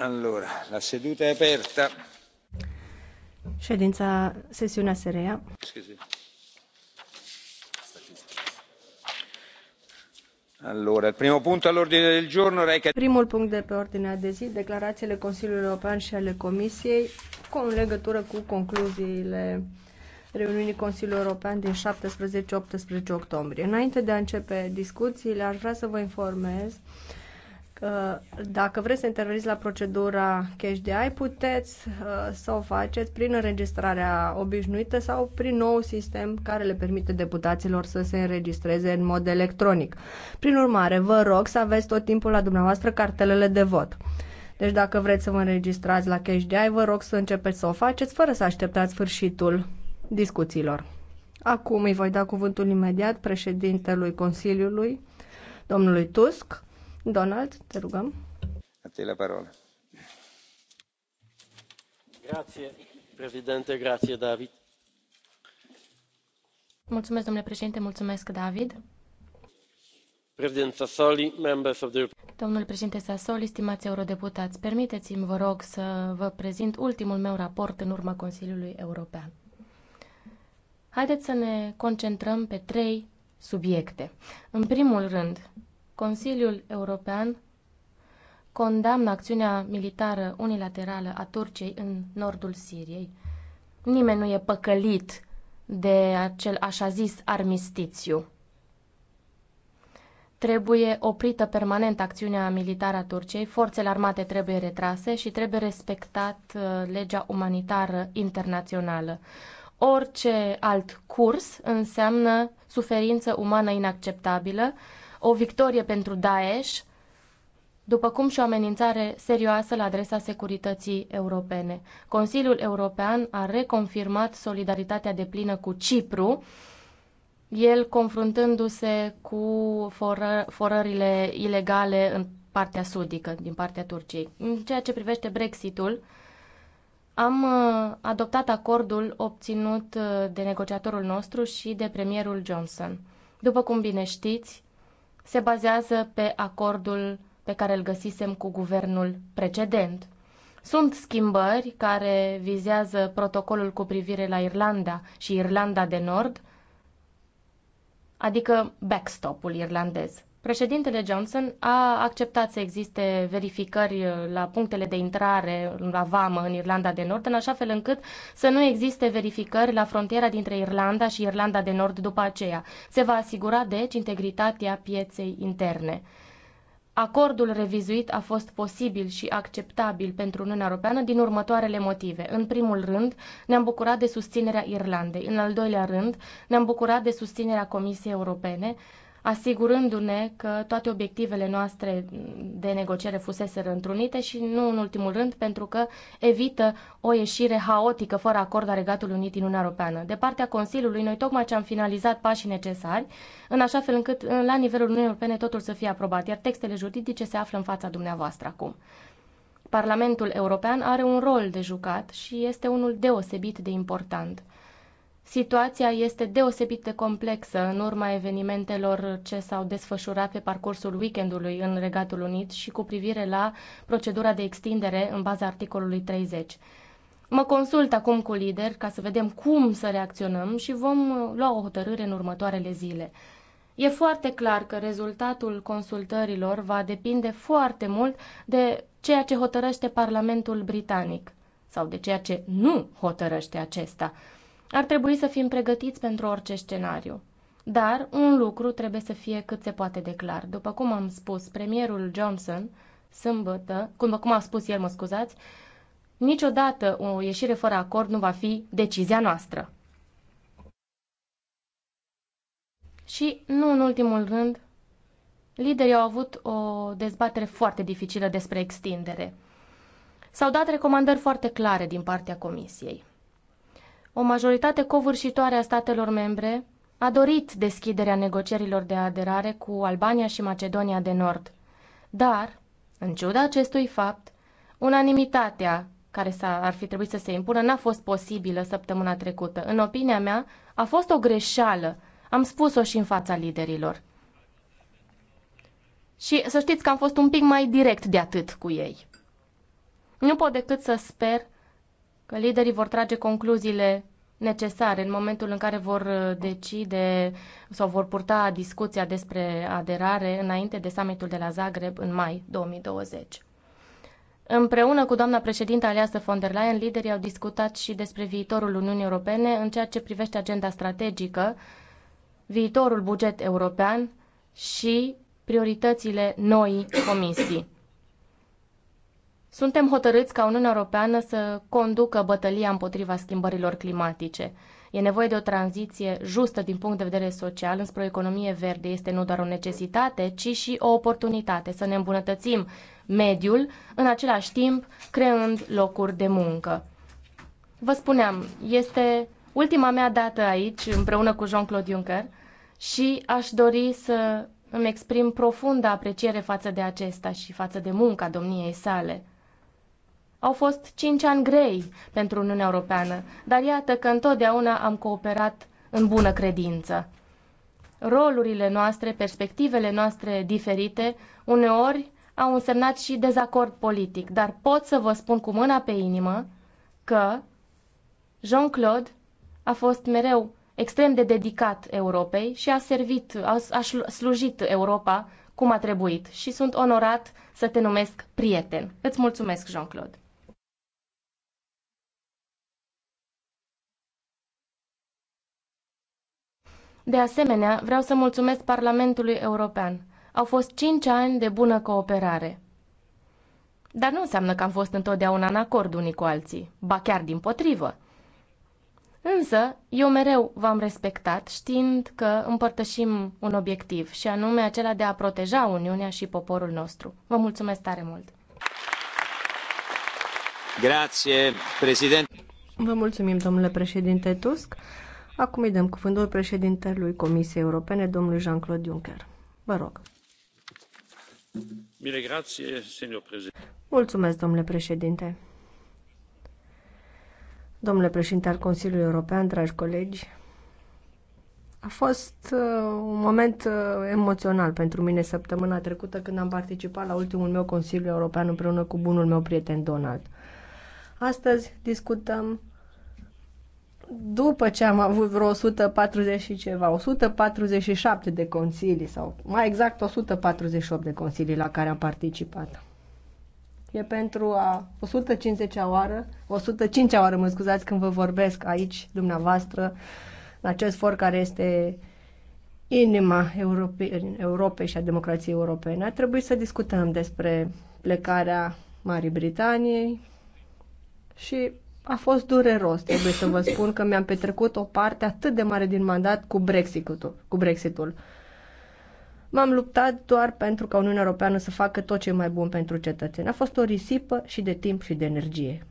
Allora, la seduta è aperta. Ședința, sesiunea se Allora, il primo punto all'ordine del giorno reca... Primul punct de pe ordinea de zi, declarațiile Consiliului European și ale Comisiei cu în legătură cu concluziile reuniunii Consiliului European din 17-18 octombrie. Înainte de a începe discuțiile, aș vrea să vă informez dacă vreți să interveniți la procedura Cash ai, puteți uh, să o faceți prin înregistrarea obișnuită sau prin nou sistem care le permite deputaților să se înregistreze în mod electronic. Prin urmare, vă rog să aveți tot timpul la dumneavoastră cartelele de vot. Deci dacă vreți să vă înregistrați la Cash ai, vă rog să începeți să o faceți fără să așteptați sfârșitul discuțiilor. Acum îi voi da cuvântul imediat președintelui Consiliului, domnului Tusk Donald, te rugăm. A te la parola. Grazie, președinte, grazie, David. Mulțumesc, domnule președinte, mulțumesc, David. Sassoli, members of the... Domnul președinte Sassoli, stimați eurodeputați, permiteți-mi, vă rog, să vă prezint ultimul meu raport în urma Consiliului European. Haideți să ne concentrăm pe trei subiecte. În primul rând, Consiliul European condamnă acțiunea militară unilaterală a Turciei în nordul Siriei. Nimeni nu e păcălit de acel așa zis armistițiu. Trebuie oprită permanent acțiunea militară a Turciei, forțele armate trebuie retrase și trebuie respectat uh, legea umanitară internațională. Orice alt curs înseamnă suferință umană inacceptabilă, o victorie pentru Daesh, după cum și o amenințare serioasă la adresa securității europene. Consiliul European a reconfirmat solidaritatea deplină cu Cipru, el confruntându-se cu foră, forările ilegale în partea sudică, din partea Turciei. În ceea ce privește Brexitul, am uh, adoptat acordul obținut uh, de negociatorul nostru și de premierul Johnson. După cum bine știți, se bazează pe acordul pe care îl găsisem cu guvernul precedent. Sunt schimbări care vizează protocolul cu privire la Irlanda și Irlanda de Nord, adică backstop-ul irlandez. Președintele Johnson a acceptat să existe verificări uh, la punctele de intrare la vamă în Irlanda de Nord, în așa fel încât să nu existe verificări la frontiera dintre Irlanda și Irlanda de Nord după aceea. Se va asigura, deci, integritatea pieței interne. Acordul revizuit a fost posibil și acceptabil pentru Uniunea Europeană din următoarele motive. În primul rând, ne-am bucurat de susținerea Irlandei. În al doilea rând, ne-am bucurat de susținerea Comisiei Europene asigurându-ne că toate obiectivele noastre de negociere fuseseră întrunite și nu în ultimul rând pentru că evită o ieșire haotică fără acord a Regatului Unit din Uniunea Europeană. De partea Consiliului, noi tocmai ce am finalizat pașii necesari, în așa fel încât la nivelul Uniunii Europene totul să fie aprobat, iar textele juridice se află în fața dumneavoastră acum. Parlamentul European are un rol de jucat și este unul deosebit de important. Situația este deosebit de complexă în urma evenimentelor ce s-au desfășurat pe parcursul weekendului în Regatul Unit și cu privire la procedura de extindere în baza articolului 30. Mă consult acum cu lider ca să vedem cum să reacționăm și vom lua o hotărâre în următoarele zile. E foarte clar că rezultatul consultărilor va depinde foarte mult de ceea ce hotărăște Parlamentul Britanic sau de ceea ce nu hotărăște acesta. Ar trebui să fim pregătiți pentru orice scenariu. Dar un lucru trebuie să fie cât se poate de clar. După cum am spus, premierul Johnson, sâmbătă, cum, cum a spus el, mă scuzați, niciodată o ieșire fără acord nu va fi decizia noastră. Și, nu în ultimul rând, liderii au avut o dezbatere foarte dificilă despre extindere. S-au dat recomandări foarte clare din partea Comisiei o majoritate covârșitoare a statelor membre a dorit deschiderea negocierilor de aderare cu Albania și Macedonia de Nord. Dar, în ciuda acestui fapt, unanimitatea care s ar fi trebuit să se impună n-a fost posibilă săptămâna trecută. În opinia mea, a fost o greșeală. Am spus-o și în fața liderilor. Și să știți că am fost un pic mai direct de atât cu ei. Nu pot decât să sper că liderii vor trage concluziile necesare în momentul în care vor uh, decide sau vor purta discuția despre aderare înainte de summitul de la Zagreb în mai 2020. Împreună cu doamna președintă aleasă von der Leyen, liderii au discutat și despre viitorul Uniunii Europene în ceea ce privește agenda strategică, viitorul buget european și prioritățile noii comisii. Suntem hotărâți ca Uniunea Europeană să conducă bătălia împotriva schimbărilor climatice. E nevoie de o tranziție justă din punct de vedere social înspre o economie verde. Este nu doar o necesitate, ci și o oportunitate să ne îmbunătățim mediul, în același timp creând locuri de muncă. Vă spuneam, este ultima mea dată aici, împreună cu Jean-Claude Juncker, și aș dori să îmi exprim profundă apreciere față de acesta și față de munca domniei sale. Au fost cinci ani grei pentru Uniunea Europeană, dar iată că întotdeauna am cooperat în bună credință. Rolurile noastre, perspectivele noastre diferite, uneori au însemnat și dezacord politic, dar pot să vă spun cu mâna pe inimă că Jean-Claude a fost mereu extrem de dedicat Europei și a servit, a, a slujit Europa cum a trebuit și sunt onorat să te numesc prieten. Îți mulțumesc, Jean-Claude. De asemenea, vreau să mulțumesc Parlamentului European. Au fost cinci ani de bună cooperare. Dar nu înseamnă că am fost întotdeauna în acord unii cu alții, ba chiar din potrivă. Însă, eu mereu v-am respectat știind că împărtășim un obiectiv și anume acela de a proteja Uniunea și poporul nostru. Vă mulțumesc tare mult! Grazie, președinte! Vă mulțumim, domnule președinte Tusk. Acum îi dăm cuvântul președintelui Comisiei Europene, domnul Jean-Claude Juncker. Vă rog. Mulțumesc, domnule președinte. Domnule președinte al Consiliului European, dragi colegi, a fost uh, un moment uh, emoțional pentru mine săptămâna trecută când am participat la ultimul meu Consiliu European împreună cu bunul meu prieten Donald. Astăzi discutăm după ce am avut vreo 140 și ceva, 147 de consilii sau mai exact 148 de consilii la care am participat. E pentru a 150-a oară, 105-a oară, mă scuzați, când vă vorbesc aici, dumneavoastră, în acest for care este inima Europei, Europei și a democrației europene. A trebuit să discutăm despre plecarea Marii Britaniei și a fost dureros, trebuie să vă spun că mi-am petrecut o parte atât de mare din mandat cu Brexitul. Cu Brexitul. M-am luptat doar pentru ca Uniunea Europeană să facă tot ce e mai bun pentru cetățeni. A fost o risipă și de timp și de energie.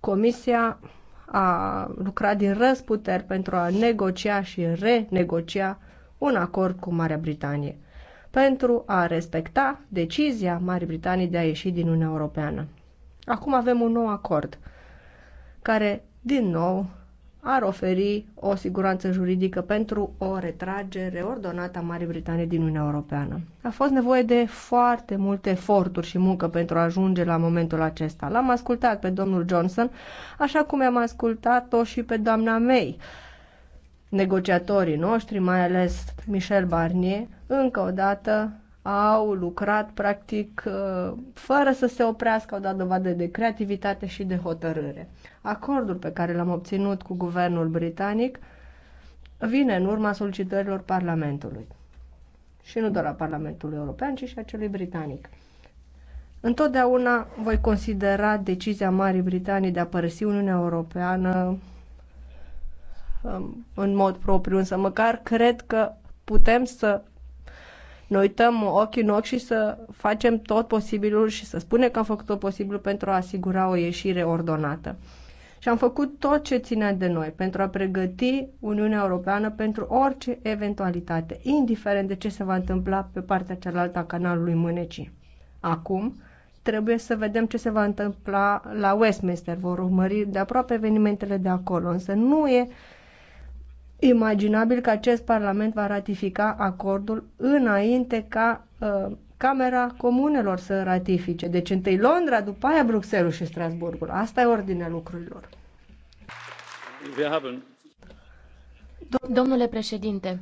Comisia a lucrat din răzputeri pentru a negocia și renegocia un acord cu Marea Britanie pentru a respecta decizia Marii Britanii de a ieși din Uniunea Europeană. Acum avem un nou acord – care, din nou, ar oferi o siguranță juridică pentru o retragere ordonată a Marii Britanii din Uniunea Europeană. A fost nevoie de foarte multe eforturi și muncă pentru a ajunge la momentul acesta. L-am ascultat pe domnul Johnson, așa cum am ascultat-o și pe doamna May. Negociatorii noștri, mai ales Michel Barnier, încă o dată au lucrat practic uh, fără să se oprească, au dat dovadă de creativitate și de hotărâre. Acordul pe care l-am obținut cu guvernul britanic vine în urma solicitărilor Parlamentului. Și nu doar a Parlamentului European, ci și a celui britanic. Întotdeauna voi considera decizia Marii Britanii de a părăsi Uniunea Europeană um, în mod propriu, însă măcar cred că putem să noi uităm ochi în ochi și să facem tot posibilul și să spunem că am făcut tot posibilul pentru a asigura o ieșire ordonată. Și am făcut tot ce ținea de noi pentru a pregăti Uniunea Europeană pentru orice eventualitate, indiferent de ce se va întâmpla pe partea cealaltă a canalului Mânecii. Acum, trebuie să vedem ce se va întâmpla la Westminster. Vor urmări de aproape evenimentele de acolo, însă nu e uh, imaginabil că acest Parlament va ratifica acordul înainte ca uh, Camera Comunelor să ratifice. Deci întâi Londra, după aia Bruxelles și Strasburgul. Asta e ordinea lucrurilor. Domnule președinte,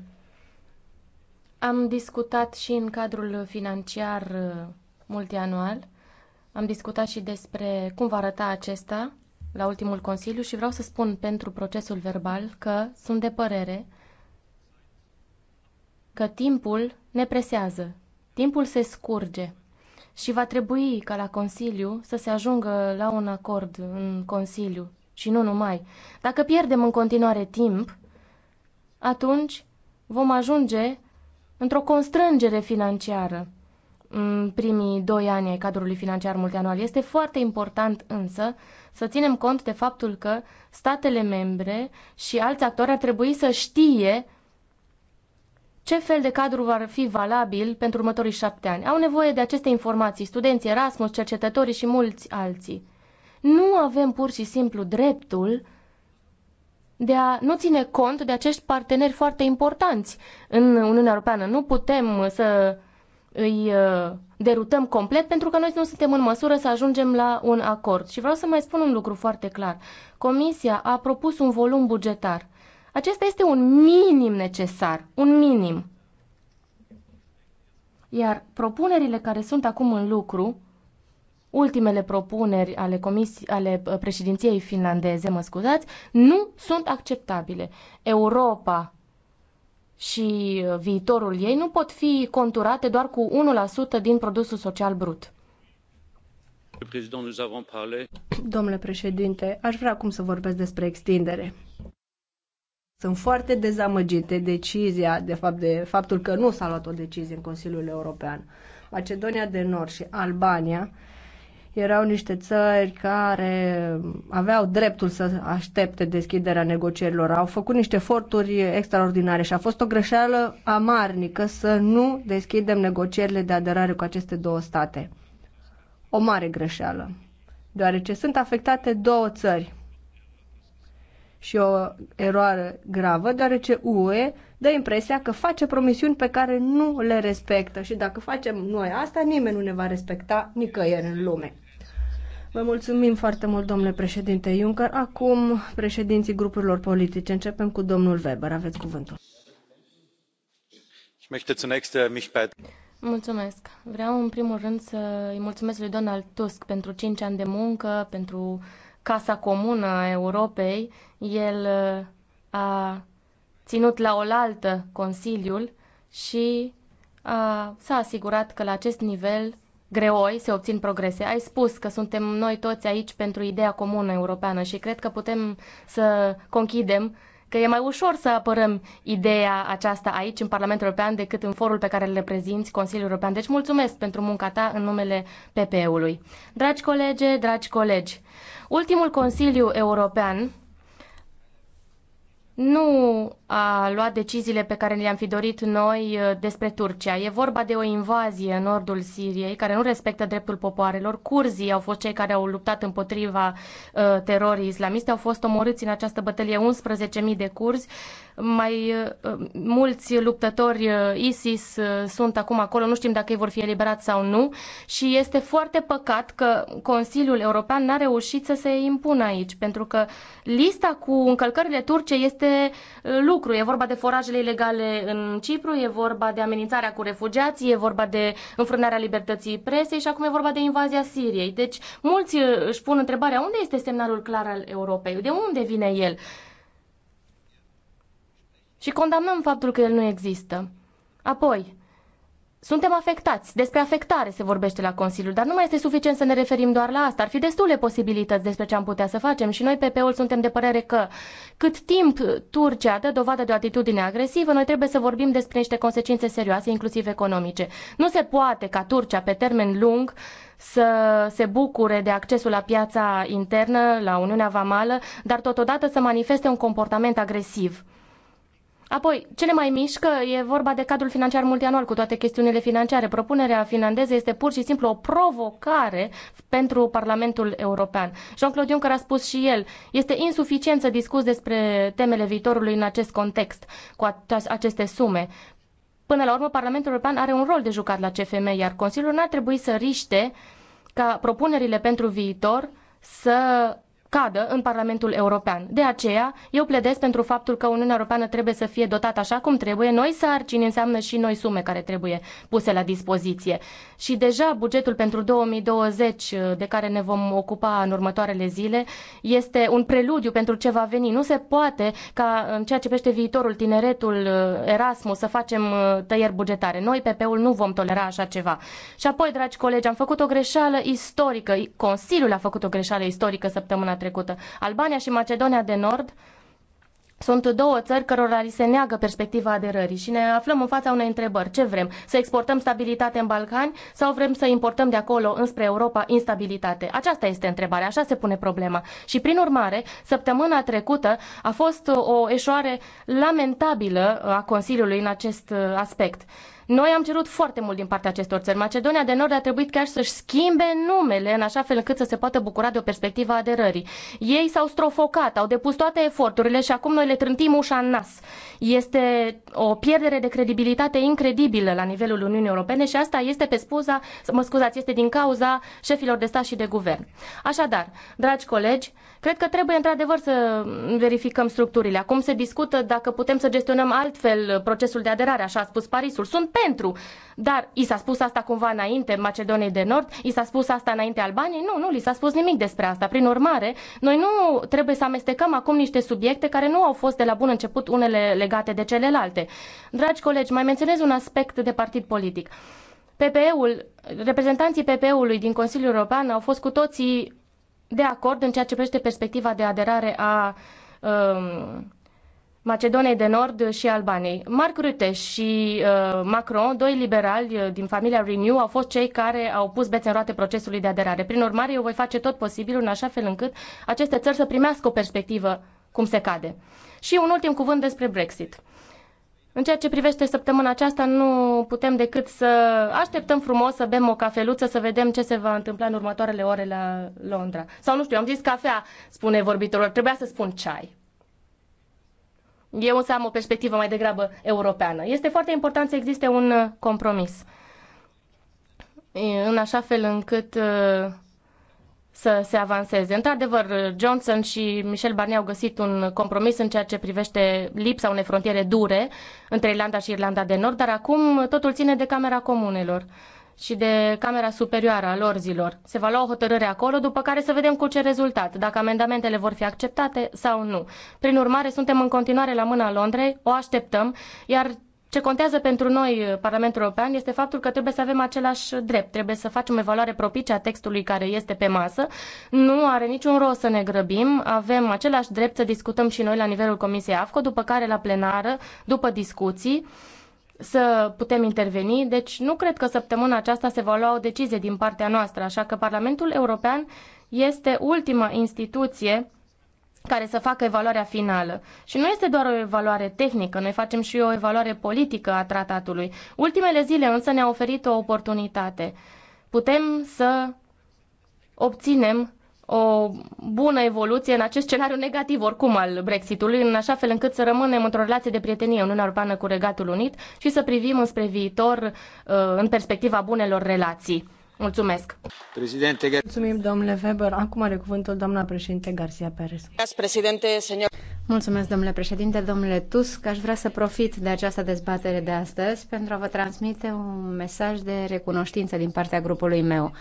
am discutat și în cadrul financiar uh, multianual, am discutat și despre cum va arăta acesta la ultimul Consiliu și vreau să spun pentru procesul verbal că sunt de părere că timpul ne presează, timpul se scurge și va trebui ca la Consiliu să se ajungă la un acord în Consiliu și nu numai. Dacă pierdem în continuare timp, atunci vom ajunge într-o constrângere financiară în primii doi ani ai cadrului financiar multianual. Este foarte important însă să ținem cont de faptul că statele membre și alți actori ar trebui să știe ce fel de cadru va fi valabil pentru următorii șapte ani. Au nevoie de aceste informații, studenții Erasmus, cercetătorii și mulți alții. Nu avem pur și simplu dreptul de a nu ține cont de acești parteneri foarte importanți în Uniunea Europeană. Nu putem să îi uh, derutăm complet pentru că noi nu suntem în măsură să ajungem la un acord. Și vreau să mai spun un lucru foarte clar. Comisia a propus un volum bugetar. Acesta este un minim necesar, un minim. Iar propunerile care sunt acum în lucru, ultimele propuneri ale, comisii, ale uh, președinției finlandeze, mă scuzați, nu sunt acceptabile. Europa și uh, viitorul ei nu pot fi conturate doar cu 1% din produsul social brut. Domnule președinte, aș vrea acum să vorbesc despre extindere. Sunt foarte dezamăgit de decizia, de fapt, de faptul că nu s-a luat o decizie în Consiliul European. Macedonia de Nord și Albania erau niște țări care aveau dreptul să aștepte deschiderea negocierilor. Au făcut niște eforturi extraordinare și a fost o greșeală amarnică să nu deschidem negocierile de aderare cu aceste două state. O mare greșeală, deoarece sunt afectate două țări și o eroare gravă, deoarece UE dă impresia că face promisiuni pe care nu le respectă și dacă facem noi asta, nimeni nu ne va respecta nicăieri în lume. Vă mulțumim foarte mult, domnule președinte Juncker. Acum, președinții grupurilor politice. Începem cu domnul Weber. Aveți cuvântul. Äh, mulțumesc. Vreau în primul rând să îi mulțumesc lui Donald Tusk pentru 5 ani de muncă, pentru Casa Comună a Europei. El uh, a ținut la oaltă Consiliul și a, uh, s-a asigurat că la acest nivel greoi se obțin progrese. Ai spus că suntem noi toți aici pentru ideea comună europeană și cred că putem să conchidem că e mai ușor să apărăm ideea aceasta aici, în Parlamentul European, decât în forul pe care îl reprezinți, Consiliul European. Deci mulțumesc pentru munca ta în numele PPE-ului. Dragi colege, dragi colegi, ultimul Consiliu European nu a luat deciziile pe care le-am fi dorit noi uh, despre Turcia. E vorba de o invazie în nordul Siriei care nu respectă dreptul popoarelor. Curzii au fost cei care au luptat împotriva uh, terorii islamiste, au fost omorâți în această bătălie 11.000 de curzi. Mai uh, uh, mulți luptători uh, ISIS uh, sunt acum acolo, nu știm dacă ei vor fi eliberați sau nu și este foarte păcat că Consiliul European n-a reușit să se impună aici, pentru că lista cu încălcările turce este uh, lucru lucru. E vorba de forajele ilegale în Cipru, e vorba de amenințarea cu refugiații, e vorba de înfrânarea libertății presei și acum e vorba de invazia Siriei. Deci mulți uh, își pun întrebarea unde este semnalul clar al Europei, de unde vine el? Și condamnăm faptul că el nu există. Apoi, suntem afectați. Despre afectare se vorbește la Consiliu, dar nu mai este suficient să ne referim doar la asta. Ar fi destule posibilități despre ce am putea să facem și noi, PP-ul, suntem de părere că cât timp Turcia dă dovadă de o atitudine agresivă, noi trebuie să vorbim despre niște consecințe serioase, inclusiv economice. Nu se poate ca Turcia, pe termen lung, să se bucure de accesul la piața internă, la Uniunea Vamală, dar totodată să manifeste un comportament agresiv. Apoi, cele mai mișcă e vorba de cadrul financiar multianual cu toate chestiunile financiare. Propunerea finlandeză este pur și simplu o provocare pentru Parlamentul European. Jean-Claude Juncker a spus și el, este insuficient să discuți despre temele viitorului în acest context, cu aceste sume. Până la urmă, Parlamentul European are un rol de jucat la CFM, iar Consiliul n-ar trebui să riște ca propunerile pentru viitor să cadă în Parlamentul European. De aceea, eu pledez pentru faptul că Uniunea Europeană trebuie să fie dotată așa cum trebuie. Noi sarcini înseamnă și noi sume care trebuie puse la dispoziție. Și deja bugetul pentru 2020, de care ne vom ocupa în următoarele zile, este un preludiu pentru ce va veni. Nu se poate ca în ceea ce pește viitorul, tineretul, Erasmus, să facem uh, tăieri bugetare. Noi, PP-ul, nu vom tolera așa ceva. Și apoi, dragi colegi, am făcut o greșeală istorică. Consiliul a făcut o greșeală istorică săptămâna trecută. Albania și Macedonia de Nord sunt două țări cărora li se neagă perspectiva aderării și ne aflăm în fața unei întrebări. Ce vrem? Să exportăm stabilitate în Balcani sau vrem să importăm de acolo înspre Europa instabilitate? Aceasta este întrebarea, așa se pune problema. Și prin urmare, săptămâna trecută a fost o eșoare lamentabilă a Consiliului în acest uh, aspect. Noi am cerut foarte mult din partea acestor țări. Macedonia de Nord a trebuit chiar să-și schimbe numele în așa fel încât să se poată bucura de o perspectivă a aderării. Ei s-au strofocat, au depus toate eforturile și acum noi le trântim ușa în nas. Este o pierdere de credibilitate incredibilă la nivelul Uniunii Europene și asta este pe spuza, mă scuzați, este din cauza șefilor de stat și de guvern. Așadar, dragi colegi, Cred că trebuie într-adevăr să verificăm structurile. Acum se discută dacă putem să gestionăm altfel procesul de aderare, așa a spus Parisul. Sunt pentru, dar i s-a spus asta cumva înainte Macedoniei de Nord, i s-a spus asta înainte Albaniei? Nu, nu li s-a spus nimic despre asta. Prin urmare, noi nu trebuie să amestecăm acum niște subiecte care nu au fost de la bun început unele legate de celelalte. Dragi colegi, mai menționez un aspect de partid politic. PPE-ul, reprezentanții PPE-ului din Consiliul European au fost cu toții de acord în ceea ce privește perspectiva de aderare a um, Macedoniei de Nord și Albaniei. Mark Rutte și uh, Macron, doi liberali uh, din familia Renew, au fost cei care au pus bețe în roate procesului de aderare. Prin urmare, eu voi face tot posibilul în așa fel încât aceste țări să primească o perspectivă cum se cade. Și un ultim cuvânt despre Brexit. În ceea ce privește săptămâna aceasta, nu putem decât să așteptăm frumos să bem o cafeluță, să vedem ce se va întâmpla în următoarele ore la Londra. Sau nu știu, am zis cafea, spune vorbitorul, trebuia să spun ceai. Eu însă am o perspectivă mai degrabă europeană. Este foarte important să existe un compromis. În așa fel încât uh, să se avanseze. Într-adevăr, Johnson și Michel Barnier au găsit un compromis în ceea ce privește lipsa unei frontiere dure între Irlanda și Irlanda de Nord, dar acum totul ține de Camera Comunelor și de Camera Superioară a Lorzilor. Se va lua o hotărâre acolo, după care să vedem cu ce rezultat, dacă amendamentele vor fi acceptate sau nu. Prin urmare, suntem în continuare la mâna Londrei, o așteptăm, iar ce contează pentru noi, uh, Parlamentul European, este faptul că trebuie să avem același drept, trebuie să facem evaluare propice a textului care este pe masă. Nu are niciun rost să ne grăbim, avem același drept să discutăm și noi la nivelul Comisiei AFCO, după care la plenară, după discuții, să putem interveni. Deci nu cred că săptămâna aceasta se va lua o decizie din partea noastră, așa că Parlamentul European este ultima instituție care să facă evaluarea finală. Și nu este doar o evaluare tehnică, noi facem și o evaluare politică a tratatului. Ultimele zile însă ne-a oferit o oportunitate. Putem să obținem o bună evoluție în acest scenariu negativ oricum al Brexitului, în așa fel încât să rămânem într-o relație de prietenie în Uniunea Europeană cu Regatul Unit și să privim înspre viitor uh, în perspectiva bunelor relații. Mulțumesc. Președinte... Mulțumim, domnule Weber. Acum are cuvântul doamna președinte Garcia Perez. Mulțumesc, domnule președinte, domnule Tusk. Aș vrea să profit de această dezbatere de astăzi pentru a vă transmite un mesaj de recunoștință din partea grupului meu.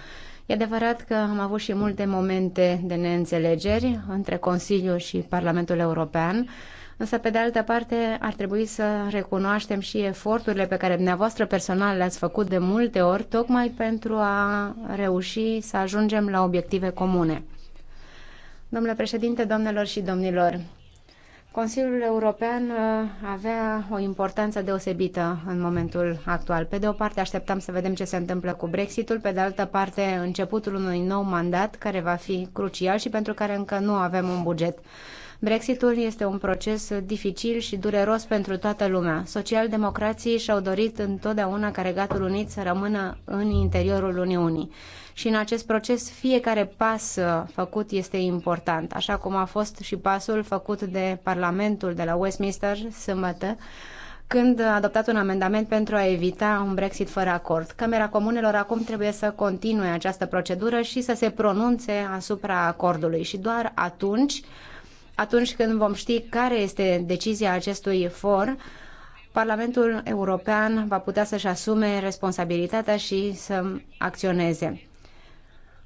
E adevărat că am avut și multe momente de neînțelegeri între Consiliu și Parlamentul European, Însă, pe de altă parte, ar trebui să recunoaștem și eforturile pe care dumneavoastră personal le-ați făcut de multe ori, tocmai pentru a reuși să ajungem la obiective comune. Domnule președinte, domnilor și domnilor, Consiliul European uh, avea o importanță deosebită în momentul actual. Pe de o parte așteptam să vedem ce se întâmplă cu Brexitul, pe de altă parte începutul unui nou mandat care va fi crucial și pentru care încă nu avem un buget. Brexitul este un proces dificil și dureros pentru toată lumea. Socialdemocrații și-au dorit întotdeauna ca Regatul Unit să rămână în interiorul Uniunii. Și în acest proces fiecare pas făcut este important, așa cum a fost și pasul făcut de Parlamentul de la Westminster sâmbătă, când a adoptat un amendament pentru a evita un Brexit fără acord. Camera Comunelor acum trebuie să continue această procedură și să se pronunțe asupra acordului și doar atunci atunci când vom ști care este decizia acestui for, Parlamentul European va putea să-și asume responsabilitatea și să acționeze.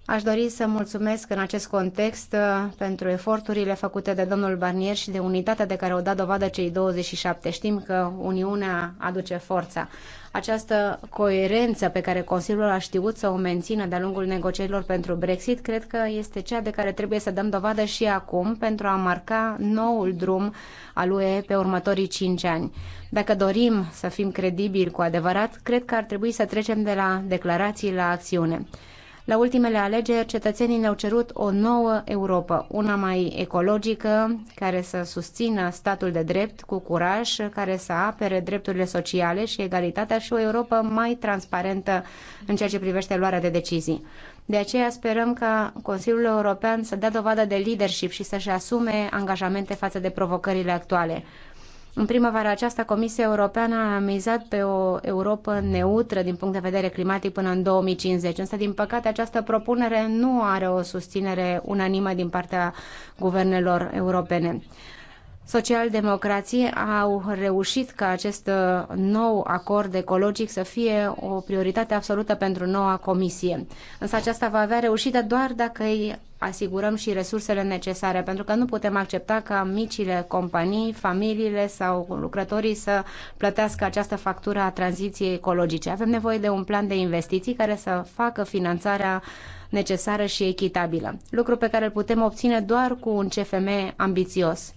Aș dori să mulțumesc în acest context uh, pentru eforturile făcute de domnul Barnier și de unitatea de care au dat dovadă cei 27. Știm că Uniunea aduce forța. Această coerență pe care Consiliul a știut să o mențină de-a lungul negocierilor pentru Brexit, cred că este cea de care trebuie să dăm dovadă și acum pentru a marca noul drum al UE pe următorii 5 ani. Dacă dorim să fim credibili cu adevărat, cred că ar trebui să trecem de la declarații la acțiune. La ultimele alegeri, cetățenii ne-au cerut o nouă Europa, una mai ecologică, care să susțină statul de drept cu curaj, care să apere drepturile sociale și egalitatea și o Europa mai transparentă în ceea ce privește luarea de decizii. De aceea sperăm ca Consiliul European să dea dovadă de leadership și să-și asume angajamente față de provocările actuale. În primăvara aceasta, Comisia Europeană a mizat pe o Europa neutră din punct de vedere climatic până în 2050, însă, din păcate, această propunere nu are o susținere unanimă din partea guvernelor europene. Socialdemocrații au reușit ca acest uh, nou acord ecologic să fie o prioritate absolută pentru noua comisie. Însă aceasta va avea reușită doar dacă îi asigurăm și resursele necesare, pentru că nu putem accepta ca micile companii, familiile sau lucrătorii să plătească această factură a tranziției ecologice. Avem nevoie de un plan de investiții care să facă finanțarea necesară și echitabilă, lucru pe care îl putem obține doar cu un CFM ambițios.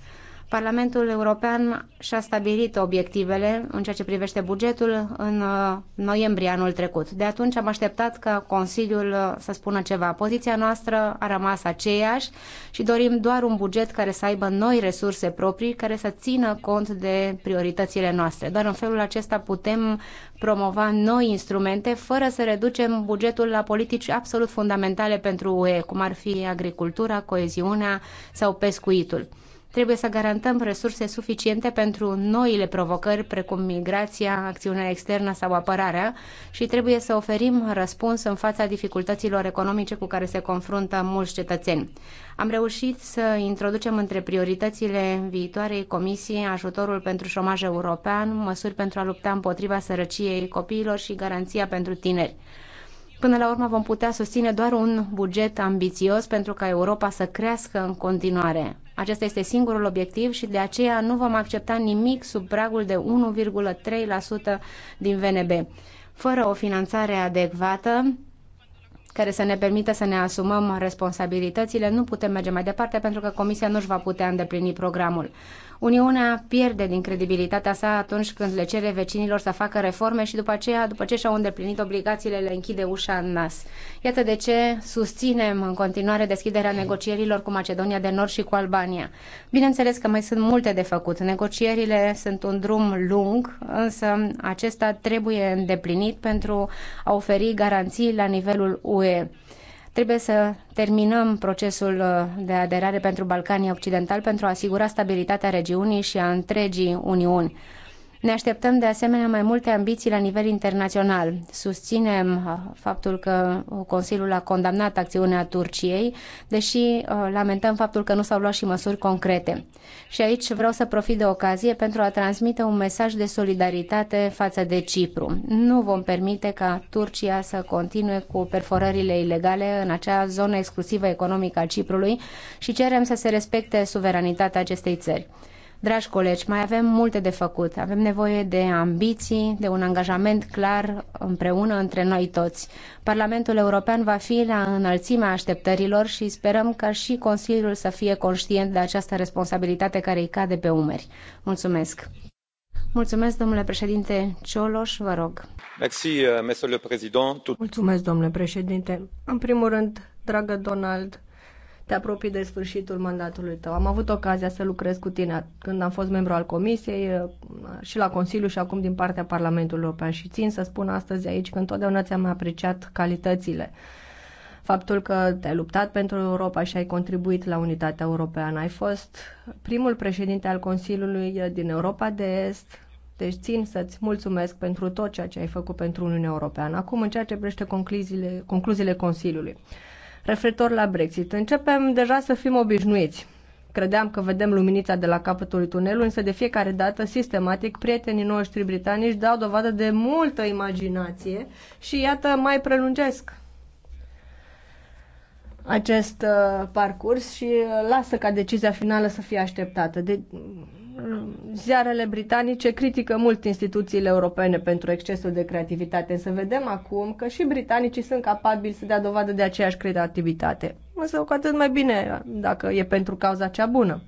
Parlamentul European și-a stabilit obiectivele în ceea ce privește bugetul în uh, noiembrie anul trecut. De atunci am așteptat ca Consiliul uh, să spună ceva. Poziția noastră a rămas aceeași și dorim doar un buget care să aibă noi resurse proprii, care să țină cont de prioritățile noastre. Doar în felul acesta putem promova noi instrumente fără să reducem bugetul la politici absolut fundamentale pentru UE, cum ar fi agricultura, coeziunea sau pescuitul. Trebuie să garantăm resurse suficiente pentru noile provocări, precum migrația, acțiunea externă sau apărarea, și trebuie să oferim răspuns în fața dificultăților economice cu care se confruntă mulți cetățeni. Am reușit să introducem între prioritățile viitoarei comisii ajutorul pentru șomaj european, măsuri pentru a lupta împotriva sărăciei copiilor și garanția pentru tineri. Până la urmă vom putea susține doar un buget ambițios pentru ca Europa să crească în continuare. Acesta este singurul obiectiv și de aceea nu vom accepta nimic sub pragul de 1,3% din VNB. Fără o finanțare adecvată, care să ne permită să ne asumăm responsabilitățile, nu putem merge mai departe pentru că Comisia nu își va putea îndeplini programul. Uniunea pierde din credibilitatea sa atunci când le cere vecinilor să facă reforme și după aceea, după ce și-au îndeplinit obligațiile, le închide ușa în nas. Iată de ce susținem în continuare deschiderea negocierilor cu Macedonia de Nord și cu Albania. Bineînțeles că mai sunt multe de făcut. Negocierile sunt un drum lung, însă acesta trebuie îndeplinit pentru a oferi garanții la nivelul UE. Trebuie să terminăm procesul uh, de aderare pentru Balcanii Occidental pentru a asigura stabilitatea regiunii și a întregii Uniuni ne așteptăm de asemenea mai multe ambiții la nivel internațional. Susținem uh, faptul că uh, Consiliul a condamnat acțiunea Turciei, deși uh, lamentăm faptul că nu s-au luat și măsuri concrete. Și aici vreau să profit de ocazie pentru a transmite un mesaj de solidaritate față de Cipru. Nu vom permite ca Turcia să continue cu perforările ilegale în acea zonă exclusivă economică a Ciprului și cerem să se respecte suveranitatea acestei țări. Dragi colegi, mai avem multe de făcut. Avem nevoie de ambiții, de un angajament clar împreună între noi toți. Parlamentul European va fi la înălțimea așteptărilor și sperăm ca și Consiliul să fie conștient de această responsabilitate care îi cade pe umeri. Mulțumesc! Mulțumesc, domnule președinte Cioloș, vă rog. Euh, Mulțumesc, domnule președinte. În primul rând, dragă Donald, te apropii de sfârșitul mandatului tău. Am avut ocazia să lucrez cu tine când am fost membru al Comisiei eh, și la Consiliu și acum din partea Parlamentului European și țin să spun astăzi aici că întotdeauna ți-am apreciat calitățile faptul că te-ai luptat pentru Europa și ai contribuit la unitatea europeană. Ai fost primul președinte al Consiliului eh, din Europa de Est, deci țin să-ți mulțumesc pentru tot ceea ce ai făcut pentru Uniunea Europeană. Acum, în ceea ce privește concluziile, concluziile Consiliului. Referitor la Brexit, începem deja să fim obișnuiți. Credeam că vedem luminița de la capătul tunelului, însă de fiecare dată, sistematic, prietenii noștri britanici dau dovadă de multă imaginație și iată, mai prelungesc acest uh, parcurs și uh, lasă ca decizia finală să fie așteptată. De- ziarele britanice critică mult instituțiile europene pentru excesul de creativitate. Să vedem acum că și britanicii sunt capabili să dea dovadă de aceeași creativitate. Însă cu atât mai bine dacă e pentru cauza cea bună.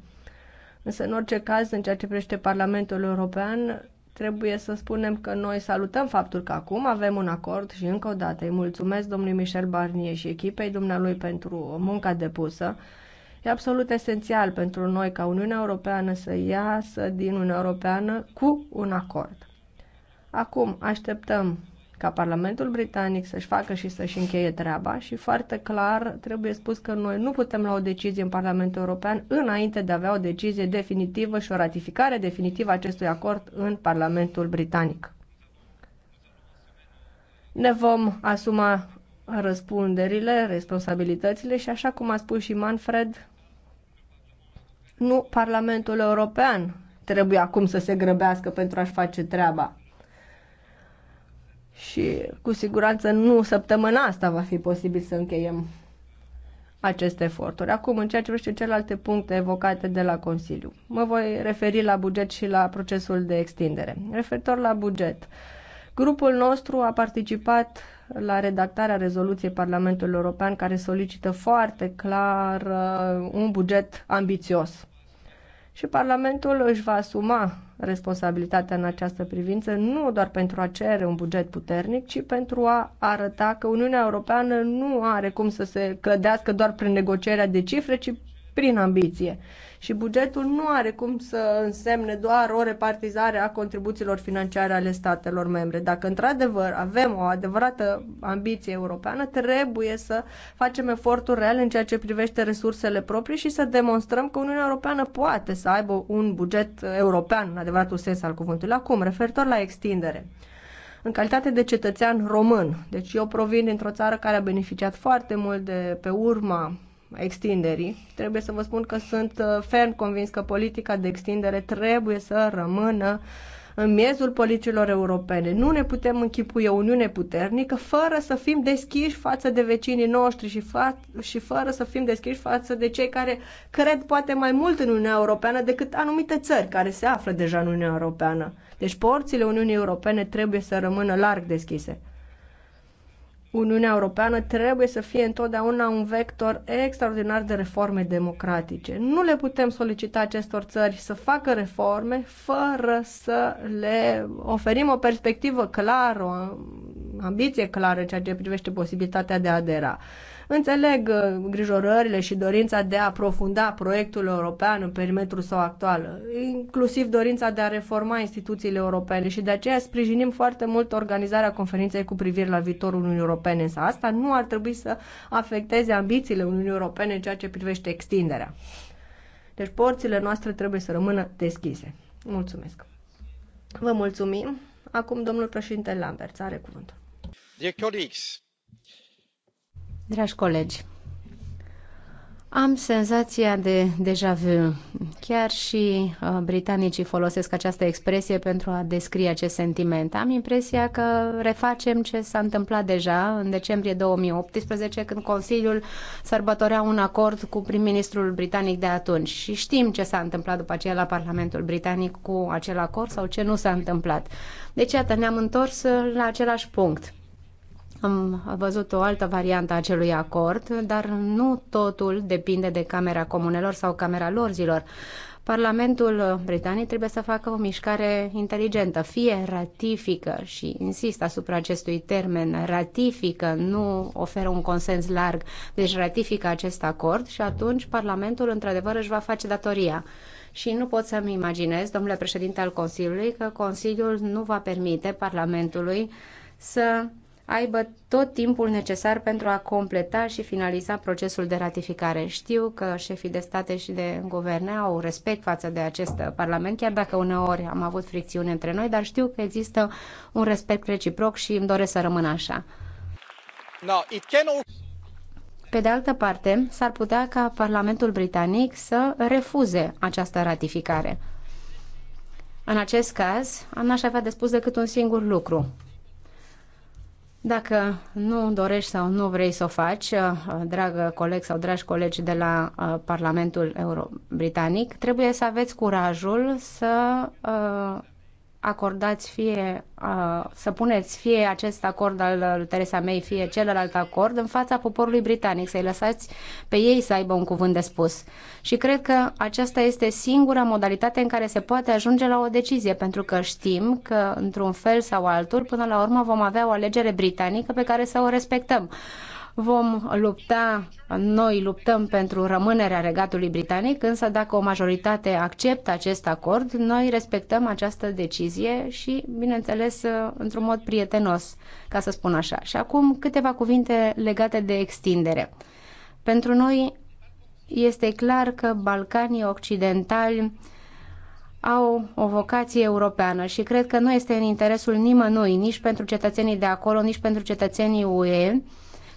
Însă, în orice caz, în ceea ce privește Parlamentul European, trebuie să spunem că noi salutăm faptul că acum avem un acord și încă o dată îi mulțumesc domnului Michel Barnier și echipei dumnealui pentru munca depusă. E absolut esențial pentru noi ca Uniunea Europeană să iasă din Uniunea Europeană cu un acord. Acum așteptăm ca Parlamentul Britanic să-și facă și să-și încheie treaba și foarte clar trebuie spus că noi nu putem lua o decizie în Parlamentul European înainte de a avea o decizie definitivă și o ratificare definitivă a acestui acord în Parlamentul Britanic. Ne vom asuma răspunderile, responsabilitățile și așa cum a spus și Manfred, nu Parlamentul European trebuie acum să se grăbească pentru a-și face treaba. Și cu siguranță nu săptămâna asta va fi posibil să încheiem aceste eforturi. Acum, în ceea ce vrește celelalte puncte evocate de la Consiliu, mă voi referi la buget și la procesul de extindere. Referitor la buget, uh, Grupul nostru a participat la redactarea rezoluției Parlamentului European care solicită foarte clar uh, un buget ambițios. Și Parlamentul își va asuma responsabilitatea în această privință, nu doar pentru a cere un buget puternic, ci pentru a arăta că Uniunea Europeană nu are cum să se clădească doar prin negocierea de cifre, ci prin ambiție. Și bugetul nu are cum să însemne doar o repartizare a contribuțiilor financiare ale statelor membre. Dacă într-adevăr avem o adevărată ambiție europeană, trebuie să facem eforturi reale în ceea ce privește resursele proprii și să demonstrăm că Uniunea Europeană poate să aibă un buget european, în adevăratul sens al cuvântului. Acum, referitor la extindere în calitate de cetățean român. Deci eu provin dintr-o țară care a beneficiat foarte mult de pe urma extinderii, trebuie să vă spun că sunt uh, ferm convins că politica de extindere trebuie să rămână în miezul politicilor europene. Nu ne putem închipui o Uniune puternică fără să fim deschiși față de vecinii noștri și, fa- și fără să fim deschiși față de cei care cred poate mai mult în Uniunea Europeană decât anumite țări care se află deja în Uniunea Europeană. Deci porțile Uniunii Europene trebuie să rămână larg deschise. Uniunea Europeană trebuie să fie întotdeauna un vector extraordinar de reforme democratice. Nu le putem solicita acestor țări să facă reforme fără să le oferim o perspectivă clară, ambiție clară în ceea ce privește posibilitatea de a adera. Înțeleg uh, grijorările și dorința de a aprofunda proiectul european în perimetrul său actual, inclusiv dorința de a reforma instituțiile europene și de aceea sprijinim foarte mult organizarea conferinței cu privire la viitorul Uniunii Europene, însă asta nu ar trebui să afecteze ambițiile Uniunii Europene în ceea ce privește extinderea. Deci porțile noastre trebuie să rămână deschise. Mulțumesc! Vă mulțumim! Acum domnul președinte Lambert are cuvântul. Dragi colegi, am senzația de deja vu. Chiar și uh, britanicii folosesc această expresie pentru a descrie acest sentiment. Am impresia că refacem ce s-a întâmplat deja în decembrie 2018, când Consiliul sărbătorea un acord cu prim-ministrul britanic de atunci. Și știm ce s-a întâmplat după aceea la Parlamentul britanic cu acel acord sau ce nu s-a întâmplat. Deci, iată, ne-am întors la același punct. Am văzut o altă variantă a acelui acord, dar nu totul depinde de Camera Comunelor sau Camera Lorzilor. Parlamentul britanic trebuie să facă o mișcare inteligentă. Fie ratifică, și insist asupra acestui termen, ratifică, nu oferă un consens larg, deci ratifică acest acord și atunci Parlamentul într-adevăr își va face datoria. Și nu pot să-mi imaginez, domnule președinte al Consiliului, că Consiliul nu va permite Parlamentului să aibă tot timpul necesar pentru a completa și finaliza procesul de ratificare. Știu că șefii de state și de guverne au respect față de acest Parlament, chiar dacă uneori am avut fricțiune între noi, dar știu că există un respect reciproc și îmi doresc să rămână așa. Now, it can... Pe de altă parte, s-ar putea ca Parlamentul Britanic să refuze această ratificare. În acest caz, n-aș avea de spus decât un singur lucru. Dacă nu dorești sau nu vrei să o faci, uh, dragă coleg sau dragi colegi de la uh, Parlamentul Euro Britanic, trebuie să aveți curajul să uh, acordați fie, uh, să puneți fie acest acord al lui Teresa May, fie celălalt acord în fața poporului britanic, să-i lăsați pe ei să aibă un cuvânt de spus. Și cred că aceasta este singura modalitate în care se poate ajunge la o decizie, pentru că știm că, într-un fel sau altul, până la urmă vom avea o alegere britanică pe care să o respectăm. Uh, Vom lupta, noi luptăm pentru rămânerea regatului britanic, însă dacă o majoritate acceptă acest acord, noi respectăm această decizie și, bineînțeles, într-un mod prietenos, ca să spun așa. Și acum câteva cuvinte legate de extindere. Pentru noi este clar că Balcanii Occidentali au o vocație europeană și cred că nu este în interesul nimănui, nici pentru cetățenii de acolo, nici pentru cetățenii UE,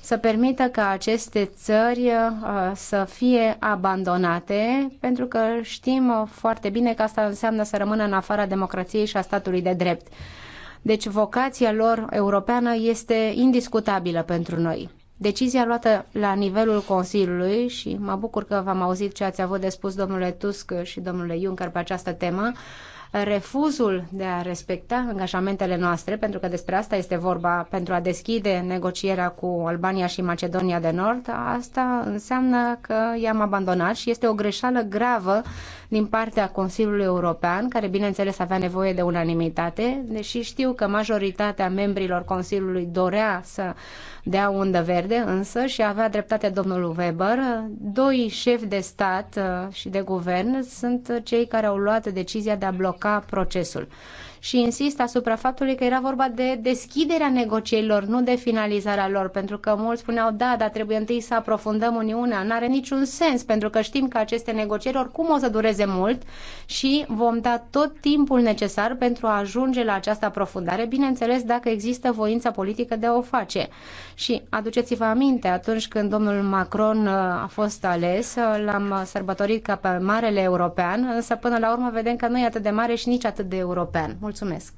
să permită ca aceste țări uh, să fie abandonate, pentru că știm uh, foarte bine că asta înseamnă să rămână în afara democrației și a statului de drept. Deci vocația lor europeană este indiscutabilă pentru noi. Decizia luată la nivelul Consiliului și mă bucur că v-am auzit ce ați avut de spus domnule Tusk și domnule Juncker pe această temă, refuzul de a respecta angajamentele noastre, pentru că despre asta este vorba pentru a deschide negocierea cu Albania și Macedonia de Nord, asta înseamnă că i-am abandonat și este o greșeală gravă din partea Consiliului European, care bineînțeles avea nevoie de unanimitate, deși știu că majoritatea membrilor Consiliului dorea să dea undă verde, însă și avea dreptate domnul Weber, doi șefi de stat uh, și de guvern sunt cei care au luat decizia de a bloca procesul și insist asupra faptului că era vorba de deschiderea negocierilor, nu de finalizarea lor, pentru că mulți spuneau, da, dar trebuie întâi să aprofundăm Uniunea. N-are niciun sens, pentru că știm că aceste negocieri oricum o să dureze mult și vom da tot timpul necesar pentru a ajunge la această aprofundare, bineînțeles dacă există voința politică de a o face. Și aduceți-vă aminte, atunci când domnul Macron uh, a fost ales, uh, l-am sărbătorit ca pe marele european, însă până la urmă vedem că nu e atât de mare și nici atât de european. Mulțumesc. Mulțumesc!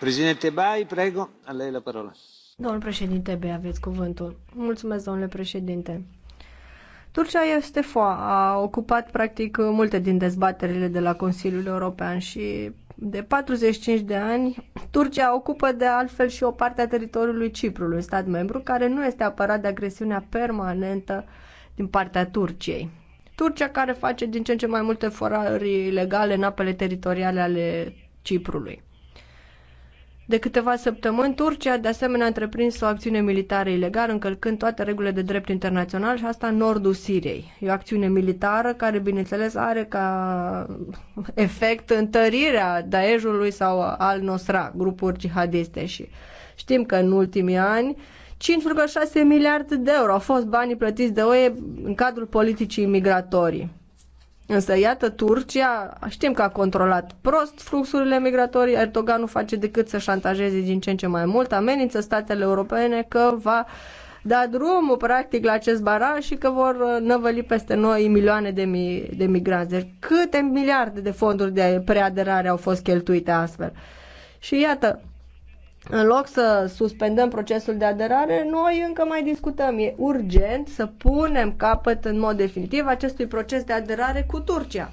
Președinte Bai, prego, a lei la parola. Domnul președinte Bai, aveți cuvântul. Mulțumesc, domnule președinte. Turcia este foa, a ocupat practic multe din dezbaterile de la Consiliul European și de 45 de ani, Turcia ocupă de altfel și o parte a teritoriului Ciprului, stat membru care nu este apărat de agresiunea permanentă din partea Turciei. Turcia care face din ce în ce mai multe forari ilegale în apele teritoriale ale Ciprului. De câteva săptămâni, Turcia de asemenea a întreprins o acțiune militară ilegală, încălcând toate regulile de drept internațional și asta în nordul Siriei. E o acțiune militară care, bineînțeles, are ca efect întărirea Daeshului sau al Nosra, grupuri jihadiste și știm că în ultimii ani uh, 5,6 miliarde de euro au fost banii plătiți de OE în cadrul politicii migratorii. Însă, iată, Turcia, știm că a controlat prost fluxurile migratorii, Erdogan nu face decât să șantajeze din ce în ce mai mult, amenință statele europene că va da drumul, practic, la acest baraj și că vor năvăli peste noi milioane de, mi- de migranți. Deci, câte miliarde de fonduri de preaderare au fost cheltuite astfel? Și iată, în loc să suspendăm procesul de aderare, noi încă mai discutăm. E urgent să punem capăt în mod definitiv acestui proces de aderare cu Turcia.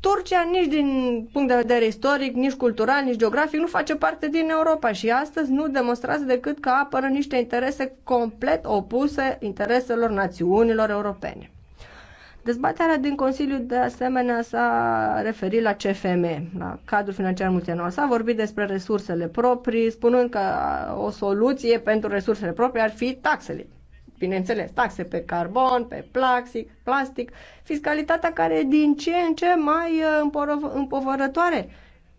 Turcia nici din punct de vedere istoric, nici cultural, nici geografic nu face parte din Europa și astăzi nu demonstrează decât că apără niște interese complet opuse intereselor națiunilor europene. Dezbaterea din Consiliu de asemenea s-a referit la CFM, la cadrul financiar multianual. S-a vorbit despre resursele proprii, spunând că o soluție pentru resursele proprii ar fi taxele. Bineînțeles, taxe pe carbon, pe plastic, plastic, fiscalitatea care e din ce în ce mai uh, împovărătoare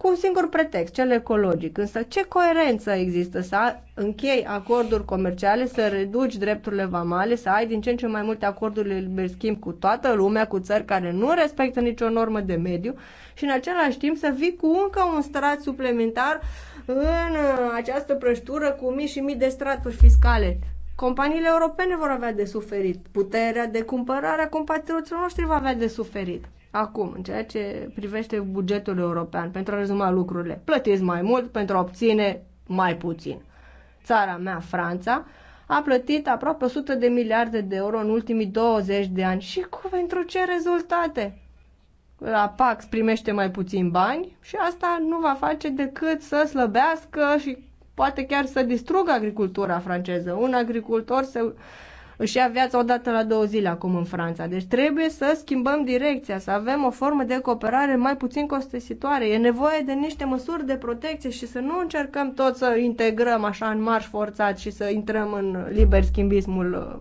cu un singur pretext, cel ecologic. Însă ce coerență există să închei acorduri comerciale, să reduci drepturile vamale, să ai din ce în ce mai multe acorduri de schimb cu toată lumea, cu țări care nu respectă nicio normă de mediu și în același timp să vii cu încă un strat suplimentar în uh, această prăjitură cu mii și mii de straturi fiscale. Companiile europene vor avea de suferit, puterea de cumpărare a compatrioților noștri va avea de suferit. Acum, în ceea ce privește bugetul european, pentru a rezuma lucrurile, plătiți mai mult pentru a obține mai puțin. Țara mea, Franța, a plătit aproape 100 de miliarde de euro în ultimii 20 de ani. Și cu pentru ce rezultate? La PAX primește mai puțin bani și asta nu va face decât să slăbească și poate chiar să distrugă agricultura franceză. Un agricultor se își ia viața odată la două zile acum în Franța. Deci trebuie să schimbăm direcția, să avem o formă de cooperare mai puțin costisitoare. E nevoie de niște măsuri de protecție și să nu încercăm tot să integrăm așa în marș forțat și să intrăm în liber schimbismul uh,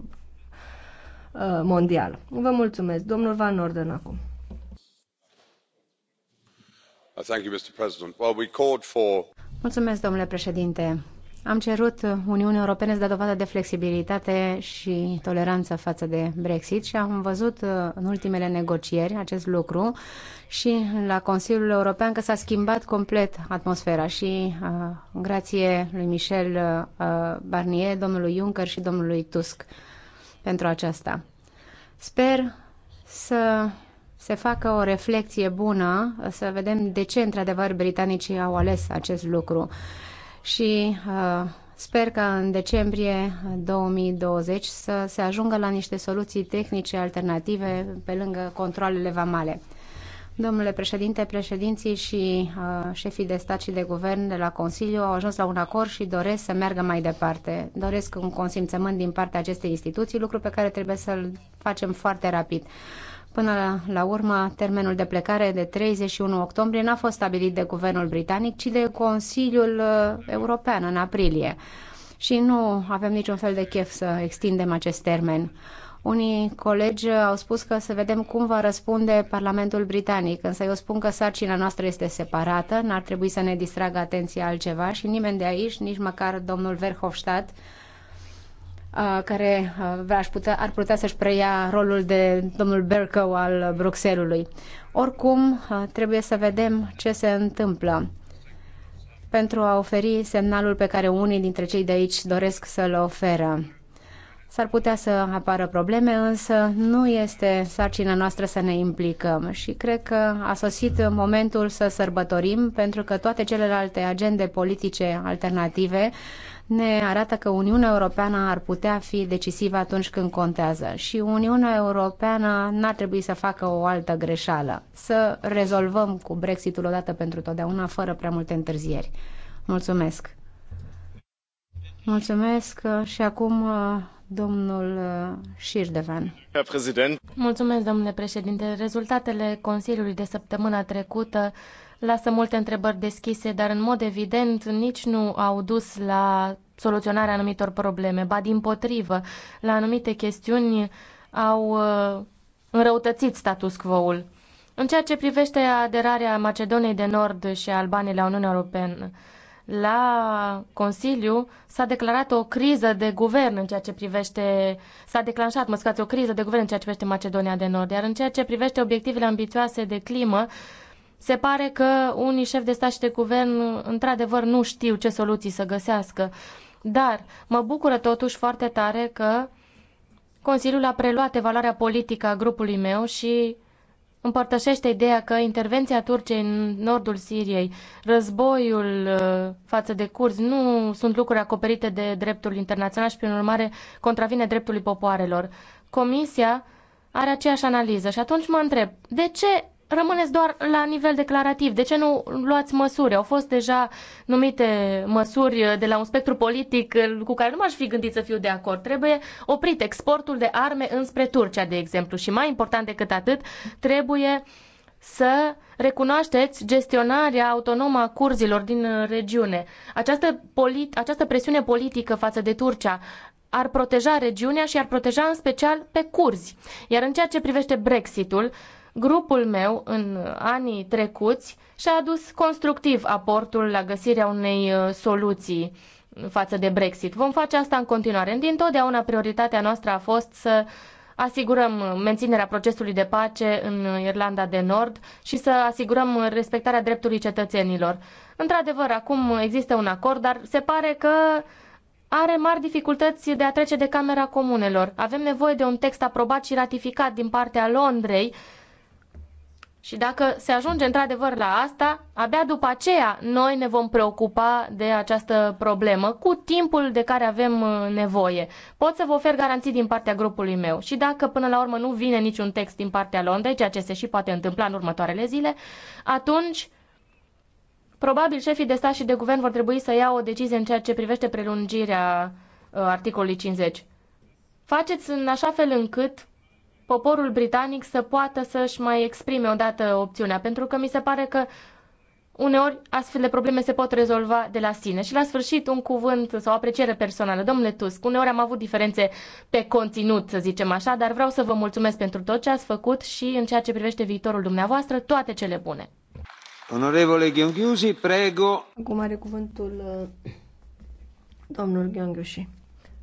uh, mondial. Vă mulțumesc. Domnul Van Orden acum. Uh, mulțumesc, domnule președinte am cerut Uniunii Europene să dea dovadă de flexibilitate și toleranță față de Brexit și am văzut uh, în ultimele negocieri acest lucru și la Consiliul European că s-a schimbat complet atmosfera și uh, grație lui Michel uh, Barnier, domnului Juncker și domnului Tusk pentru aceasta. Sper să se facă o reflexie bună, să vedem de ce într-adevăr britanicii au ales acest lucru și uh, Sper că în decembrie 2020 să se ajungă la niște soluții tehnice alternative pe lângă controlele vamale. Domnule președinte, președinții și uh, șefii de stat și de guvern de la Consiliu au ajuns la un acord și doresc să meargă mai departe. Doresc un consimțământ din partea acestei instituții, lucru pe care trebuie să-l facem foarte rapid. Până la, la urmă, termenul de plecare de 31 octombrie n-a fost stabilit de guvernul britanic, ci de Consiliul uh, European în aprilie. Și nu avem niciun fel de chef să extindem acest termen. Unii colegi au spus că să vedem cum va răspunde Parlamentul Britanic, însă eu spun că sarcina noastră este separată, n-ar trebui să ne distragă atenția altceva și nimeni de aici, nici măcar domnul Verhofstadt, care putea, ar putea să-și preia rolul de domnul Bercow al Bruxelului. Oricum, trebuie să vedem ce se întâmplă pentru a oferi semnalul pe care unii dintre cei de aici doresc să-l oferă. S-ar putea să apară probleme, însă nu este sarcina noastră să ne implicăm și cred că a sosit momentul să sărbătorim pentru că toate celelalte agende politice alternative ne arată că Uniunea Europeană ar putea fi decisivă atunci când contează și Uniunea Europeană n-ar trebui să facă o altă greșeală, să rezolvăm cu Brexitul odată pentru totdeauna, fără prea multe întârzieri. Mulțumesc! Mulțumesc și acum domnul uh, Șirdevan. Mulțumesc, domnule președinte. Rezultatele Consiliului de săptămâna trecută lasă multe întrebări deschise, dar în mod evident nici nu au dus la soluționarea anumitor probleme. Ba din potrivă, la anumite chestiuni au uh, înrăutățit status quo-ul. În ceea ce privește aderarea Macedoniei de Nord și Albaniei la Uniunea Europeană, la Consiliu s-a declarat o criză de guvern în ceea ce privește, s-a declanșat, mă scuzați, o criză de guvern în ceea ce privește Macedonia de Nord, iar în ceea ce privește obiectivele ambițioase de climă, se pare că unii șefi de stat și de guvern, într-adevăr, nu știu ce soluții să găsească. Dar mă bucură totuși foarte tare că Consiliul a preluat evaluarea politică a grupului meu și împărtășește ideea că intervenția Turciei în nordul Siriei, războiul uh, față de curzi, nu sunt lucruri acoperite de dreptul internațional și, prin urmare, contravine dreptului popoarelor. Comisia are aceeași analiză și atunci mă întreb, de ce rămâneți doar la nivel declarativ. De ce nu luați măsuri? Au fost deja numite măsuri de la un spectru politic cu care nu m-aș fi gândit să fiu de acord. Trebuie oprit exportul de arme înspre Turcia, de exemplu. Și mai important decât atât, trebuie să recunoașteți gestionarea autonomă a curzilor din regiune. Această, polit- această presiune politică față de Turcia ar proteja regiunea și ar proteja în special pe curzi. Iar în ceea ce privește Brexitul, Grupul meu în anii trecuți și-a adus constructiv aportul la găsirea unei uh, soluții față de Brexit. Vom face asta în continuare. Dintotdeauna prioritatea noastră a fost să asigurăm menținerea procesului de pace în Irlanda de Nord și să asigurăm respectarea dreptului cetățenilor. Într-adevăr, acum există un acord, dar se pare că are mari dificultăți de a trece de Camera Comunelor. Avem nevoie de un text aprobat și ratificat din partea Londrei și dacă se ajunge într-adevăr la asta, abia după aceea noi ne vom preocupa de această problemă cu timpul de care avem uh, nevoie. Pot să vă ofer garanții din partea grupului meu și dacă până la urmă nu vine niciun text din partea Londrei, ceea ce se și poate întâmpla în următoarele zile, atunci probabil șefii de stat și de guvern vor trebui să iau o decizie în ceea ce privește prelungirea uh, articolului 50. Faceți în așa fel încât poporul britanic să poată să-și mai exprime odată opțiunea, pentru că mi se pare că uneori astfel de probleme se pot rezolva de la sine. Și la sfârșit, un cuvânt sau o apreciere personală. Domnule Tusk, uneori am avut diferențe pe conținut, să zicem așa, dar vreau să vă mulțumesc pentru tot ce ați făcut și în ceea ce privește viitorul dumneavoastră, toate cele bune. Onorevole Gheonghiuzi, prego. Acum are cuvântul uh, domnul Gheonghiuzi.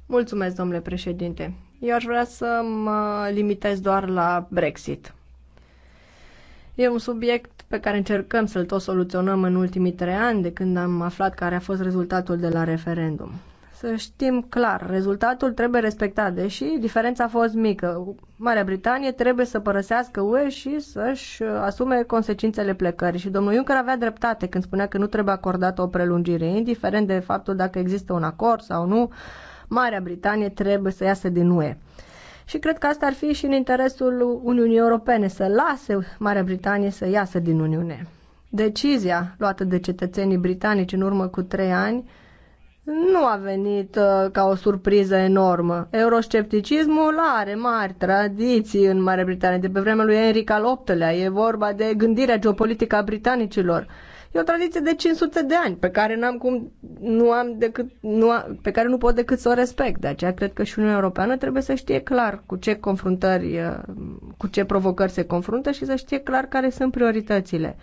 Mulțumesc, domnule președinte. Eu aș vrea să mă limitez doar la Brexit. E un subiect pe care încercăm să-l tot soluționăm în ultimii trei ani, de când am aflat care a fost rezultatul de la referendum. Să știm clar, rezultatul trebuie respectat, deși diferența a fost mică. Marea Britanie trebuie să părăsească UE și să-și asume consecințele plecării. Și domnul Juncker avea dreptate când spunea că nu trebuie acordată o prelungire, indiferent de faptul dacă există un acord sau nu Marea Britanie trebuie să iasă din UE. Și cred că asta ar fi și în interesul Uniunii Europene, să lase Marea Britanie să iasă din Uniune. Decizia luată de cetățenii britanici în urmă cu trei ani nu a venit uh, ca o surpriză enormă. Euroscepticismul are mari tradiții în Marea Britanie, de pe vremea lui Henry al VIII-lea. E vorba de gândirea geopolitică a britanicilor. Uh, E o tradiție de 500 de ani pe care n-am cum, nu am decât, nu am, pe care nu pot decât să o respect. De aceea cred că și Uniunea Europeană trebuie să știe clar cu ce confruntări, uh, cu ce provocări se confruntă și să știe clar care sunt prioritățile.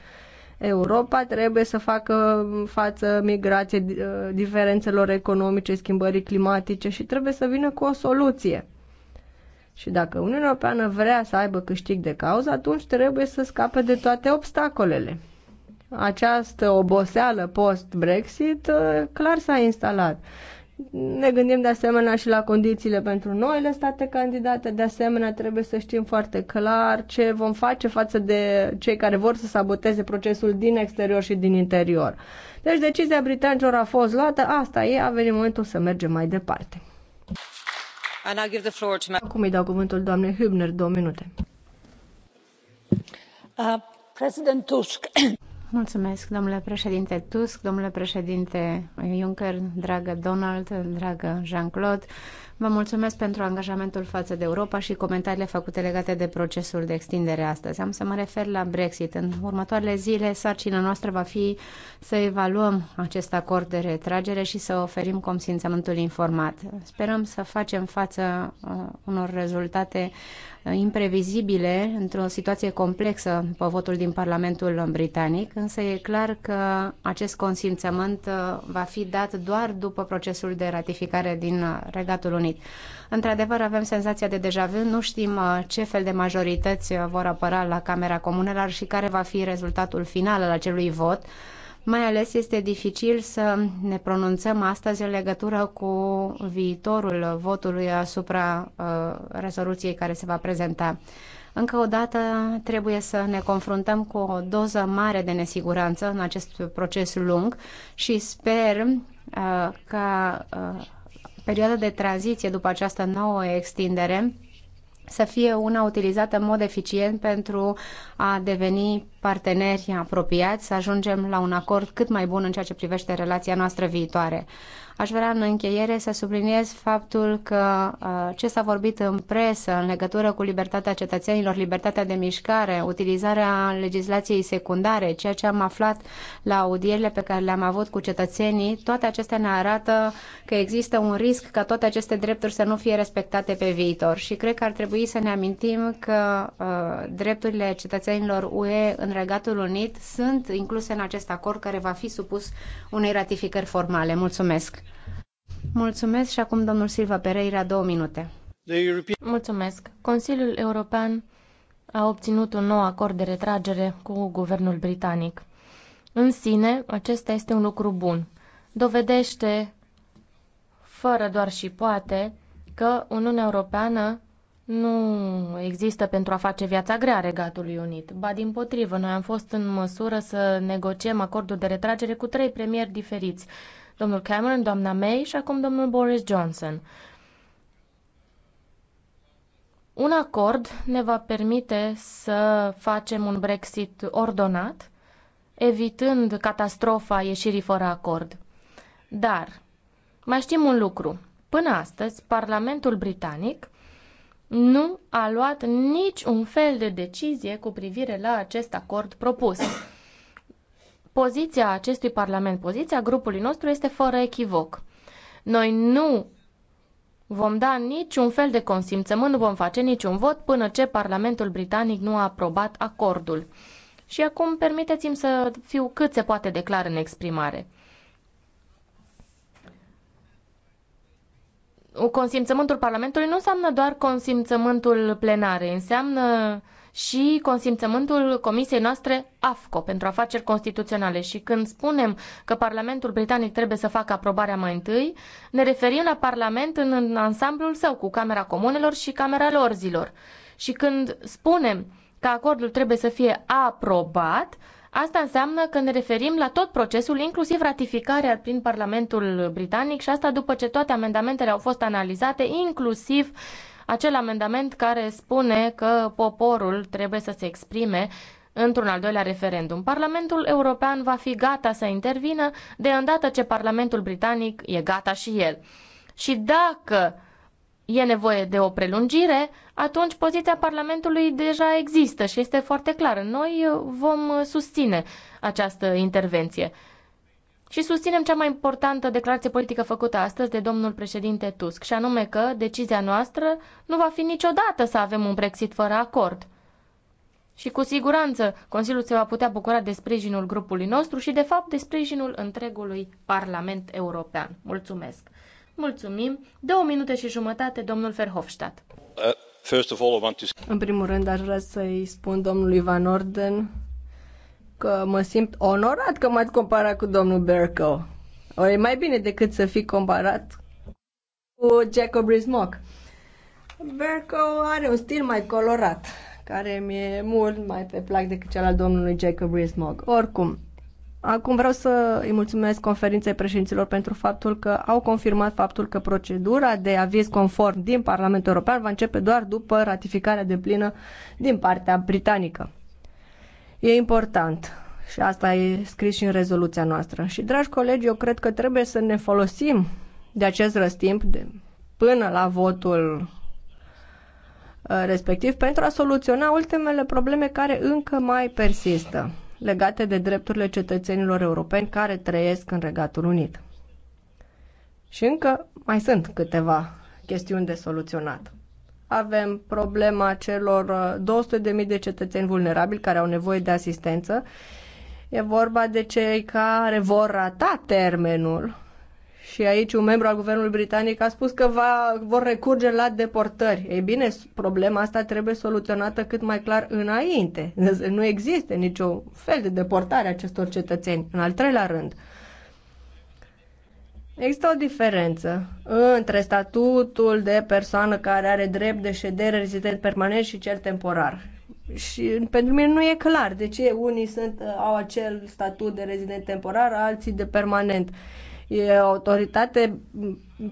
Europa trebuie să facă față migrație, uh, diferențelor economice, schimbării climatice și trebuie să vină cu o soluție. Și dacă Uniunea Europeană vrea să aibă câștig de cauză, atunci trebuie să scape de toate obstacolele. Această oboseală post-Brexit uh, clar s-a instalat. Ne gândim de asemenea și la condițiile pentru noile state candidate, de asemenea trebuie să știm foarte clar ce vom face față de cei care vor să saboteze procesul din exterior și din interior. Deci decizia britanicilor a fost luată, asta e, a venit momentul să mergem mai departe. Acum îi dau cuvântul doamnei Hübner, două minute. Uh, President Tusk. Mulțumesc, domnule președinte Tusk, domnule președinte Juncker, dragă Donald, dragă Jean-Claude. Vă mulțumesc pentru angajamentul față de Europa și comentariile făcute legate de procesul de extindere astăzi. Am să mă refer la Brexit. În următoarele zile, sarcina noastră va fi să evaluăm acest acord de retragere și să oferim consimțământul informat. Sperăm să facem față uh, unor rezultate uh, imprevizibile într-o situație complexă pe votul din Parlamentul Britanic, însă e clar că acest consimțământ uh, va fi dat doar după procesul de ratificare din Regatul Unit. Unit. Într-adevăr, avem senzația de deja vu, nu știm uh, ce fel de majorități uh, vor apăra la Camera Comunelor și care va fi rezultatul final al acelui vot. Mai ales este dificil să ne pronunțăm astăzi în legătură cu viitorul votului asupra uh, rezoluției care se va prezenta. Încă o dată trebuie să ne confruntăm cu o doză mare de nesiguranță în acest proces lung și sper uh, ca uh, perioada de tranziție după această nouă extindere să fie una utilizată în mod eficient pentru a deveni parteneri apropiați, să ajungem la un acord cât mai bun în ceea ce privește relația noastră viitoare. Aș vrea în încheiere să subliniez faptul că uh, ce s-a vorbit în presă în legătură cu libertatea cetățenilor, libertatea de mișcare, utilizarea legislației secundare, ceea ce am aflat la audierile pe care le-am avut cu cetățenii, toate acestea ne arată că există un risc ca toate aceste drepturi să nu fie respectate pe viitor. Și cred că ar trebui să ne amintim că uh, drepturile cetățenilor UE în Regatul Unit sunt incluse în acest acord care va fi supus unei ratificări formale. Mulțumesc! Mulțumesc și acum domnul Silva Pereira, două minute. Mulțumesc. Consiliul European a obținut un nou acord de retragere cu guvernul britanic. În sine, acesta este un lucru bun. Dovedește, fără doar și poate, că Uniunea Europeană nu există pentru a face viața grea Regatului Unit. Ba din potrivă, noi am fost în măsură să negociem acordul de retragere cu trei premieri diferiți domnul Cameron, doamna May și acum domnul Boris Johnson. Un acord ne va permite să facem un Brexit ordonat, evitând catastrofa ieșirii fără acord. Dar mai știm un lucru. Până astăzi, Parlamentul Britanic nu a luat nici un fel de decizie cu privire la acest acord propus. Poziția acestui Parlament, poziția grupului nostru este fără echivoc. Noi nu vom da niciun fel de consimțământ, nu vom face niciun vot până ce Parlamentul Britanic nu a aprobat acordul. Și acum permiteți-mi să fiu cât se poate de clar în exprimare. Consimțământul Parlamentului nu înseamnă doar consimțământul plenare, înseamnă uh, și consimțământul comisiei noastre AFCO pentru afaceri constituționale. Și când spunem că Parlamentul Britanic trebuie să facă aprobarea mai întâi, ne referim la Parlament în ansamblul său, cu Camera Comunelor și Camera Lorzilor. Și când spunem că acordul trebuie să fie aprobat, Asta înseamnă că ne referim la tot procesul, inclusiv ratificarea prin Parlamentul Britanic și asta după ce toate amendamentele au fost analizate, inclusiv uh, acel amendament care spune că poporul trebuie să se exprime într-un al doilea referendum. Parlamentul European va fi gata să intervină de îndată ce Parlamentul Britanic e gata și el. Și dacă e nevoie de o prelungire, atunci poziția Parlamentului deja există și este foarte clară. Noi vom susține această intervenție și susținem cea mai importantă declarație politică făcută astăzi de domnul președinte Tusk, și anume că decizia noastră nu va fi niciodată să avem un Brexit fără acord. Și cu siguranță Consiliul se va putea bucura de sprijinul grupului nostru și, de fapt, de sprijinul întregului Parlament European. Mulțumesc! Mulțumim! Două minute și jumătate, domnul Verhofstadt. Uh, first of all, I want to... În primul rând, aș vrea să-i spun domnului Van Orden că mă simt onorat că m-ați comparat cu domnul Berko. O, e mai bine decât să fii comparat cu Jacob Rees-Mogg. Berko are un stil mai colorat, care mi-e mult mai pe plac decât cel al domnului Jacob Rees-Mogg. Oricum, acum vreau să îi mulțumesc conferinței președinților pentru faptul că au confirmat faptul că procedura de aviz conform din Parlamentul European va începe doar după ratificarea de plină din partea britanică. E important. Și asta e scris și în rezoluția noastră. Și, dragi colegi, eu cred că trebuie să ne folosim de acest răstimp de, până la votul uh, respectiv pentru a soluționa ultimele probleme care încă mai persistă legate de drepturile cetățenilor europeni care trăiesc în Regatul Unit. Și încă mai sunt câteva chestiuni de soluționat avem problema celor 200.000 uh, de cetățeni vulnerabili care au nevoie de asistență. E vorba de cei care vor rata termenul și aici un membru al guvernului britanic a spus că va, vor recurge la deportări. Ei bine, problema asta trebuie soluționată cât mai clar înainte. Nu există niciun fel de deportare a acestor cetățeni. În al treilea rând, uh, Există o diferență între statutul de persoană care are drept de ședere rezident permanent și cel temporar. Și pentru mine nu e clar de ce unii sunt, uh, au acel statut de rezident temporar, alții de permanent. E o autoritate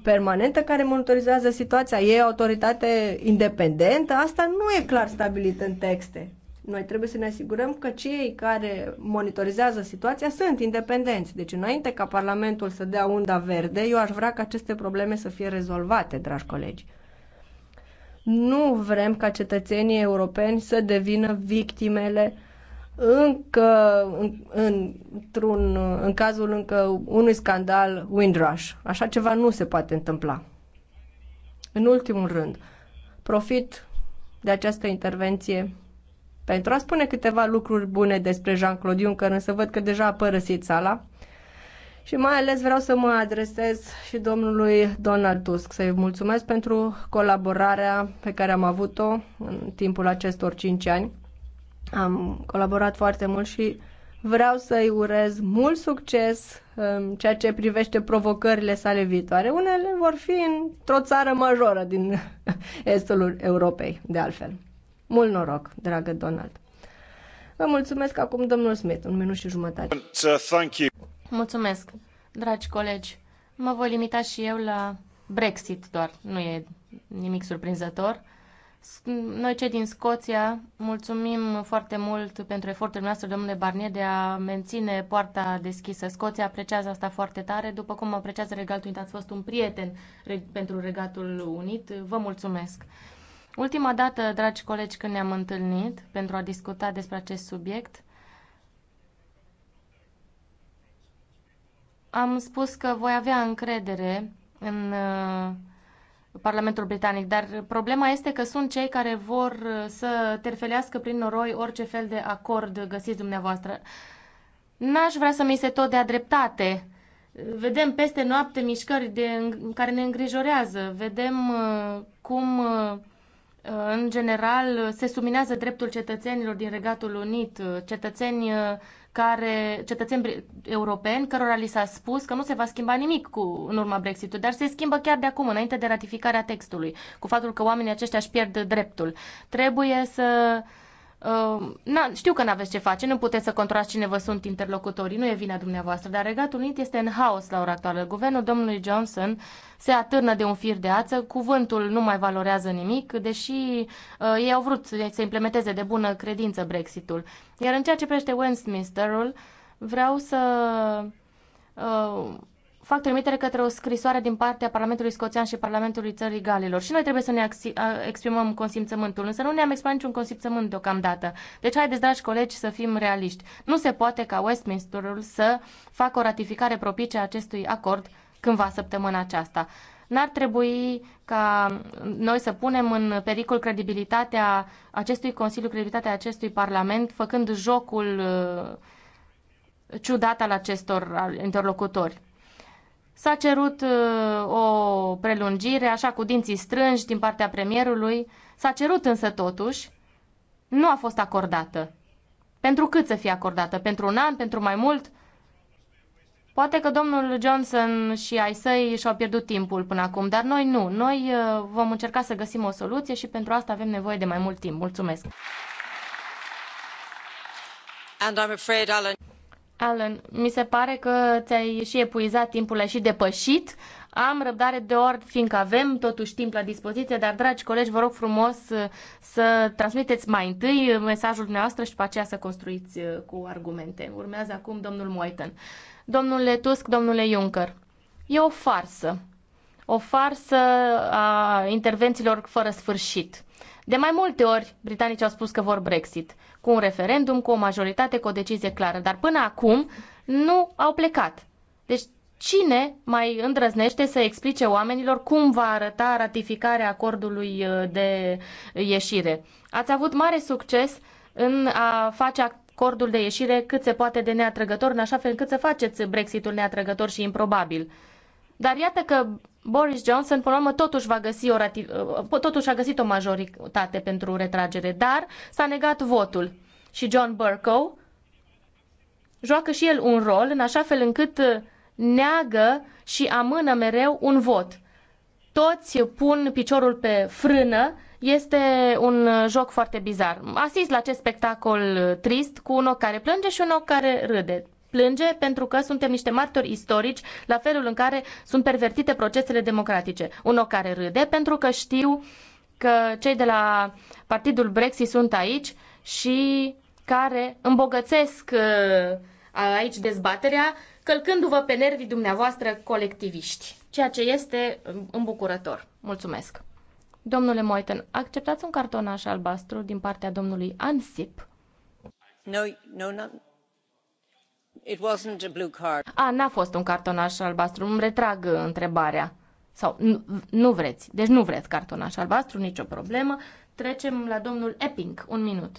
permanentă care monitorizează situația. E o autoritate independentă. Asta nu e clar stabilit în texte. Noi trebuie să ne asigurăm că cei care monitorizează situația sunt independenți. Deci, înainte ca Parlamentul să dea unda verde, eu aș vrea ca aceste probleme să fie rezolvate, dragi colegi. Nu vrem ca cetățenii europeni să devină victimele încă în, în, într-un, în cazul încă unui scandal Windrush. Așa ceva nu se poate întâmpla. În ultimul rând, profit de această intervenție pentru a spune câteva lucruri bune despre Jean-Claude Juncker, însă văd că deja a părăsit sala. Și mai ales vreau să mă adresez și domnului Donald Tusk, să-i mulțumesc pentru colaborarea pe care am avut-o în timpul acestor cinci ani. Am colaborat foarte mult și vreau să-i urez mult succes în ceea ce privește provocările sale viitoare. Unele vor fi într-o țară majoră din estul Europei, de altfel. Mult noroc, dragă Donald. Vă mulțumesc acum, domnul Smith, un minut și jumătate. Mulțumesc, dragi colegi. Mă voi limita și eu la Brexit doar, nu e nimic surprinzător. Noi cei din Scoția mulțumim foarte mult pentru efortul noastră, domnule Barnier, de a menține poarta deschisă. Scoția apreciază asta foarte tare, după cum apreciază Regatul Unit. Ați fost un prieten pentru Regatul Unit. Vă mulțumesc. Ultima dată, dragi colegi, când ne-am întâlnit pentru a discuta despre acest subiect, am spus că voi avea încredere în uh, Parlamentul Britanic, dar problema este că sunt cei care vor uh, să terfelească prin noroi orice fel de acord găsiți dumneavoastră. N-aș vrea să mi se tot dea dreptate. Vedem peste noapte mișcări de, care ne îngrijorează, vedem uh, cum în general, se subminează dreptul cetățenilor din Regatul Unit, cetățeni uh, care, cetățeni europeni, cărora li s-a spus că nu se va schimba nimic cu, în urma brexit dar se schimbă chiar de acum, înainte de ratificarea textului, cu faptul că oamenii aceștia își pierd dreptul. Trebuie să uh, Uh, na, știu că nu aveți ce face, nu puteți să controlați cine vă sunt interlocutorii, nu e vina dumneavoastră, dar Regatul Unit este în haos la ora actuală. Guvernul domnului Johnson se atârnă de un fir de ață, cuvântul nu mai valorează nimic, deși uh, ei au vrut să implementeze de bună credință Brexitul. Iar în ceea ce privește Westminsterul, vreau să uh, fac trimitere către o scrisoare din partea Parlamentului Scoțian și Parlamentului Țării Galilor. Și noi trebuie să ne exprimăm consimțământul, însă nu ne-am exprimat niciun consimțământ deocamdată. Deci, haideți, dragi colegi, să fim realiști. Nu se poate ca Westminsterul să facă o ratificare propice a acestui acord cândva săptămâna aceasta. N-ar trebui ca noi să punem în pericol credibilitatea acestui Consiliu, credibilitatea acestui Parlament, făcând jocul uh, ciudat al acestor interlocutori. S-a cerut uh, o prelungire, așa cu dinții strânși din partea premierului, s-a cerut însă totuși, nu a fost acordată. Pentru cât să fie acordată? Pentru un an? Pentru mai mult? Poate că domnul Johnson și ai săi și-au pierdut timpul până acum, dar noi nu. Noi uh, vom încerca să găsim o soluție și pentru asta avem nevoie de mai mult timp. Mulțumesc! And I'm afraid, Alan... Alan, mi se pare că ți-ai și epuizat timpul, ai și depășit. Am răbdare de ori, fiindcă avem totuși timp la dispoziție, dar, dragi colegi, vă rog frumos uh, să transmiteți mai întâi uh, mesajul dumneavoastră și după aceea să construiți uh, cu argumente. Urmează acum domnul Moiten. Domnule Tusk, domnule Juncker, e o farsă. O farsă a intervențiilor fără sfârșit. De mai multe ori, britanicii au spus că vor Brexit cu un referendum, cu o majoritate, cu o decizie clară. Dar până acum nu au plecat. Deci cine mai îndrăznește să explice oamenilor cum va arăta ratificarea acordului uh, de ieșire? Ați avut mare succes în a face acordul de ieșire cât se poate de neatrăgător, în așa fel încât să faceți Brexitul neatrăgător și improbabil. Dar iată că Boris Johnson, până la urmă, totuși, va găsi o uh, totuși a găsit o majoritate pentru retragere, dar s-a negat votul. Și John Burko joacă și el un rol în așa fel încât uh, neagă și amână mereu un vot. Toți pun piciorul pe frână, este un uh, joc foarte bizar. Asist la acest spectacol trist cu un ochi care plânge și un ochi care râde plânge pentru că suntem niște martori istorici la felul în care sunt pervertite procesele democratice. Unul care râde pentru că știu că cei de la partidul Brexit sunt aici și care îmbogățesc uh, aici dezbaterea, călcându-vă pe nervii dumneavoastră colectiviști, ceea ce este um, îmbucurător. Mulțumesc! Domnule Moiten, acceptați un cartonaș albastru din partea domnului Ansip? No, no, no a A, n-a fost un cartonaș albastru. Îmi retrag întrebarea. Sau nu, nu vreți. Deci nu vreți cartonaș albastru, nicio problemă. Trecem la domnul Epping. Un minut.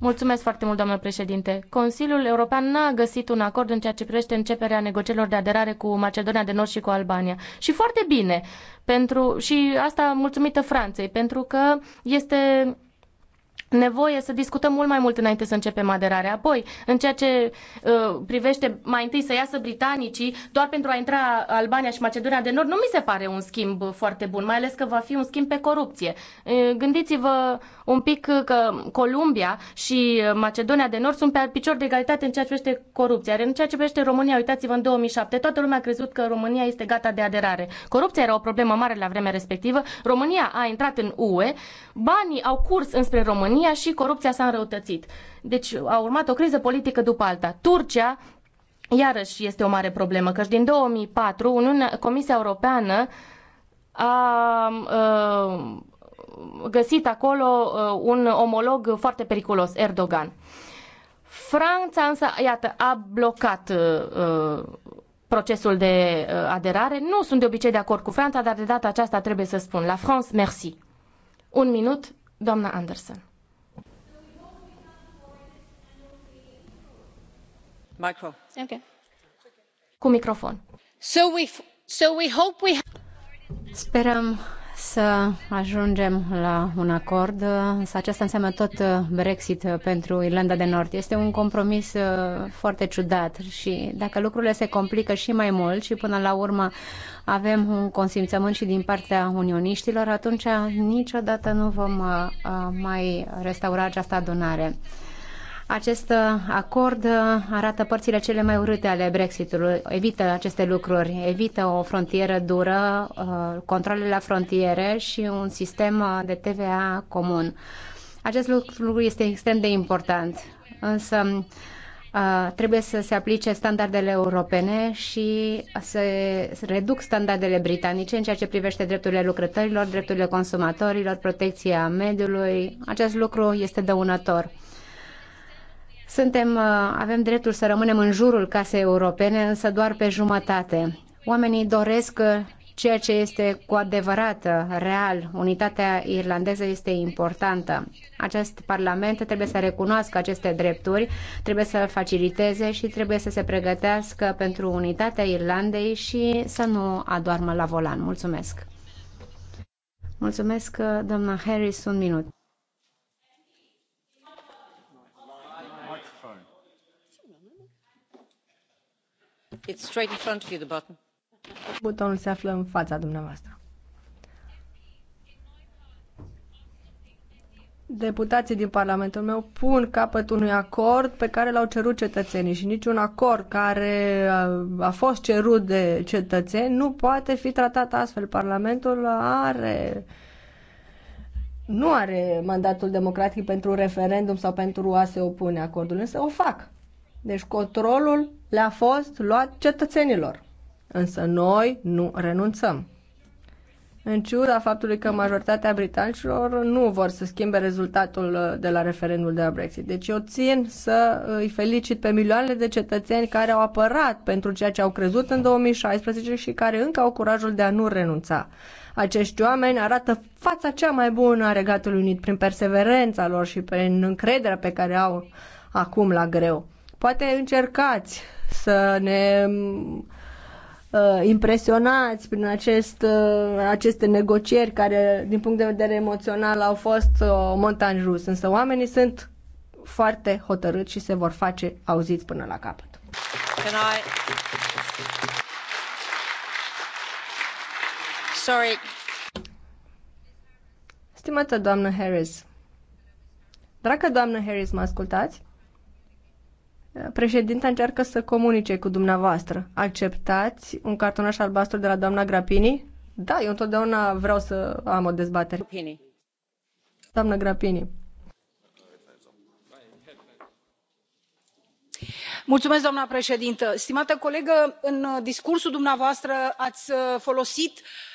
Mulțumesc foarte mult, doamnă președinte. Consiliul European n-a găsit un acord în ceea ce privește începerea negocierilor de aderare cu Macedonia de Nord și cu Albania. Și foarte bine, pentru, și asta mulțumită Franței, pentru că este nevoie să discutăm mult mai mult înainte să începem aderarea. Apoi, în ceea ce uh, privește mai întâi să iasă britanicii, doar pentru a intra Albania și Macedonia de Nord, nu mi se pare un schimb foarte bun, mai ales că va fi un schimb pe corupție. Uh, gândiți-vă un pic că Columbia și Macedonia de Nord sunt pe picior de egalitate în ceea ce privește corupția. în ceea ce privește România, uitați-vă, în 2007 toată lumea a crezut că România este gata de aderare. Corupția era o problemă mare la vremea respectivă. România a intrat în UE, banii au curs înspre România, România și corupția s-a înrăutățit. Deci a urmat o criză politică după alta. Turcia iarăși este o mare problemă, căci din 2004 Uniunea, Comisia Europeană a, a uh, găsit acolo uh, un omolog foarte periculos, Erdogan. Franța însă, iată, a blocat uh, procesul de uh, aderare. Nu sunt de obicei de acord cu Franța, dar de data aceasta trebuie să spun la France, merci. Un minut, doamna Anderson. Cu microfon. Sperăm să ajungem la un acord, însă aceasta înseamnă tot uh, Brexit uh, pentru Irlanda de Nord. Este un compromis uh, foarte ciudat și dacă lucrurile se complică și mai mult și până la urmă avem un consimțământ și din partea unioniștilor, atunci niciodată nu vom mai restaura această adunare. Acest uh, acord uh, arată părțile cele mai urâte ale Brexitului. Evită aceste lucruri, evită o frontieră dură, uh, controle la frontiere și un sistem de TVA comun. Acest lucru este extrem de important, însă trebuie să se aplice standardele europene și să reduc standardele britanice în ceea ce privește drepturile lucrătorilor, drepturile consumatorilor, protecția mediului. Acest lucru este dăunător. Suntem, uh, avem dreptul să rămânem în jurul casei europene, însă doar pe jumătate. Oamenii doresc uh, ceea ce este cu adevărat uh, real. Unitatea irlandeză este importantă. Acest parlament trebuie să recunoască aceste drepturi, trebuie să faciliteze și trebuie să se pregătească pentru unitatea Irlandei și să nu adoarmă la volan. Mulțumesc! Mulțumesc, doamna Harris, un minut. Butonul se află în fața dumneavoastră. Deputații din Parlamentul meu pun capăt unui acord pe care l-au cerut cetățenii și niciun acord care a fost cerut de cetățeni nu poate fi tratat astfel. Parlamentul are nu are mandatul democratic pentru referendum sau pentru a se opune acordului, însă o fac. Deci controlul le-a fost luat cetățenilor. Însă noi nu renunțăm. În ciuda faptului că majoritatea britanicilor nu vor să schimbe rezultatul uh, de la referendul de la Brexit. Deci eu țin să uh, îi felicit pe milioanele de cetățeni care au apărat pentru ceea ce au crezut în 2016 și care încă au curajul de a nu renunța. Acești oameni arată fața cea mai bună a Regatului Unit prin perseverența lor și prin încrederea pe care au acum la greu. Poate încercați să ne uh, impresionați prin acest, uh, aceste negocieri care, din punct de vedere emoțional, au fost uh, o montan rus. Însă oamenii sunt foarte hotărâți și se vor face auziți până la capăt. Can I... Sorry. Stimată doamnă Harris, dragă doamnă Harris, mă ascultați? Președinta încearcă să comunice cu dumneavoastră. Acceptați un cartonaș albastru de la doamna Grapini? Da, eu întotdeauna vreau să am o dezbatere. Grapini. Doamna Grapini. Mulțumesc, doamna președintă stimată colegă în discursul dumneavoastră ați folosit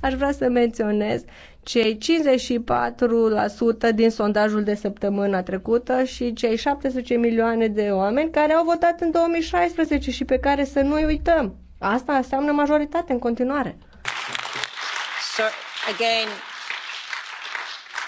aș vrea să menționez cei 54% din sondajul de săptămâna trecută și cei 17 milioane de oameni care au votat în 2016 și pe care să nu-i uităm. Asta înseamnă majoritate în continuare. Sir, again,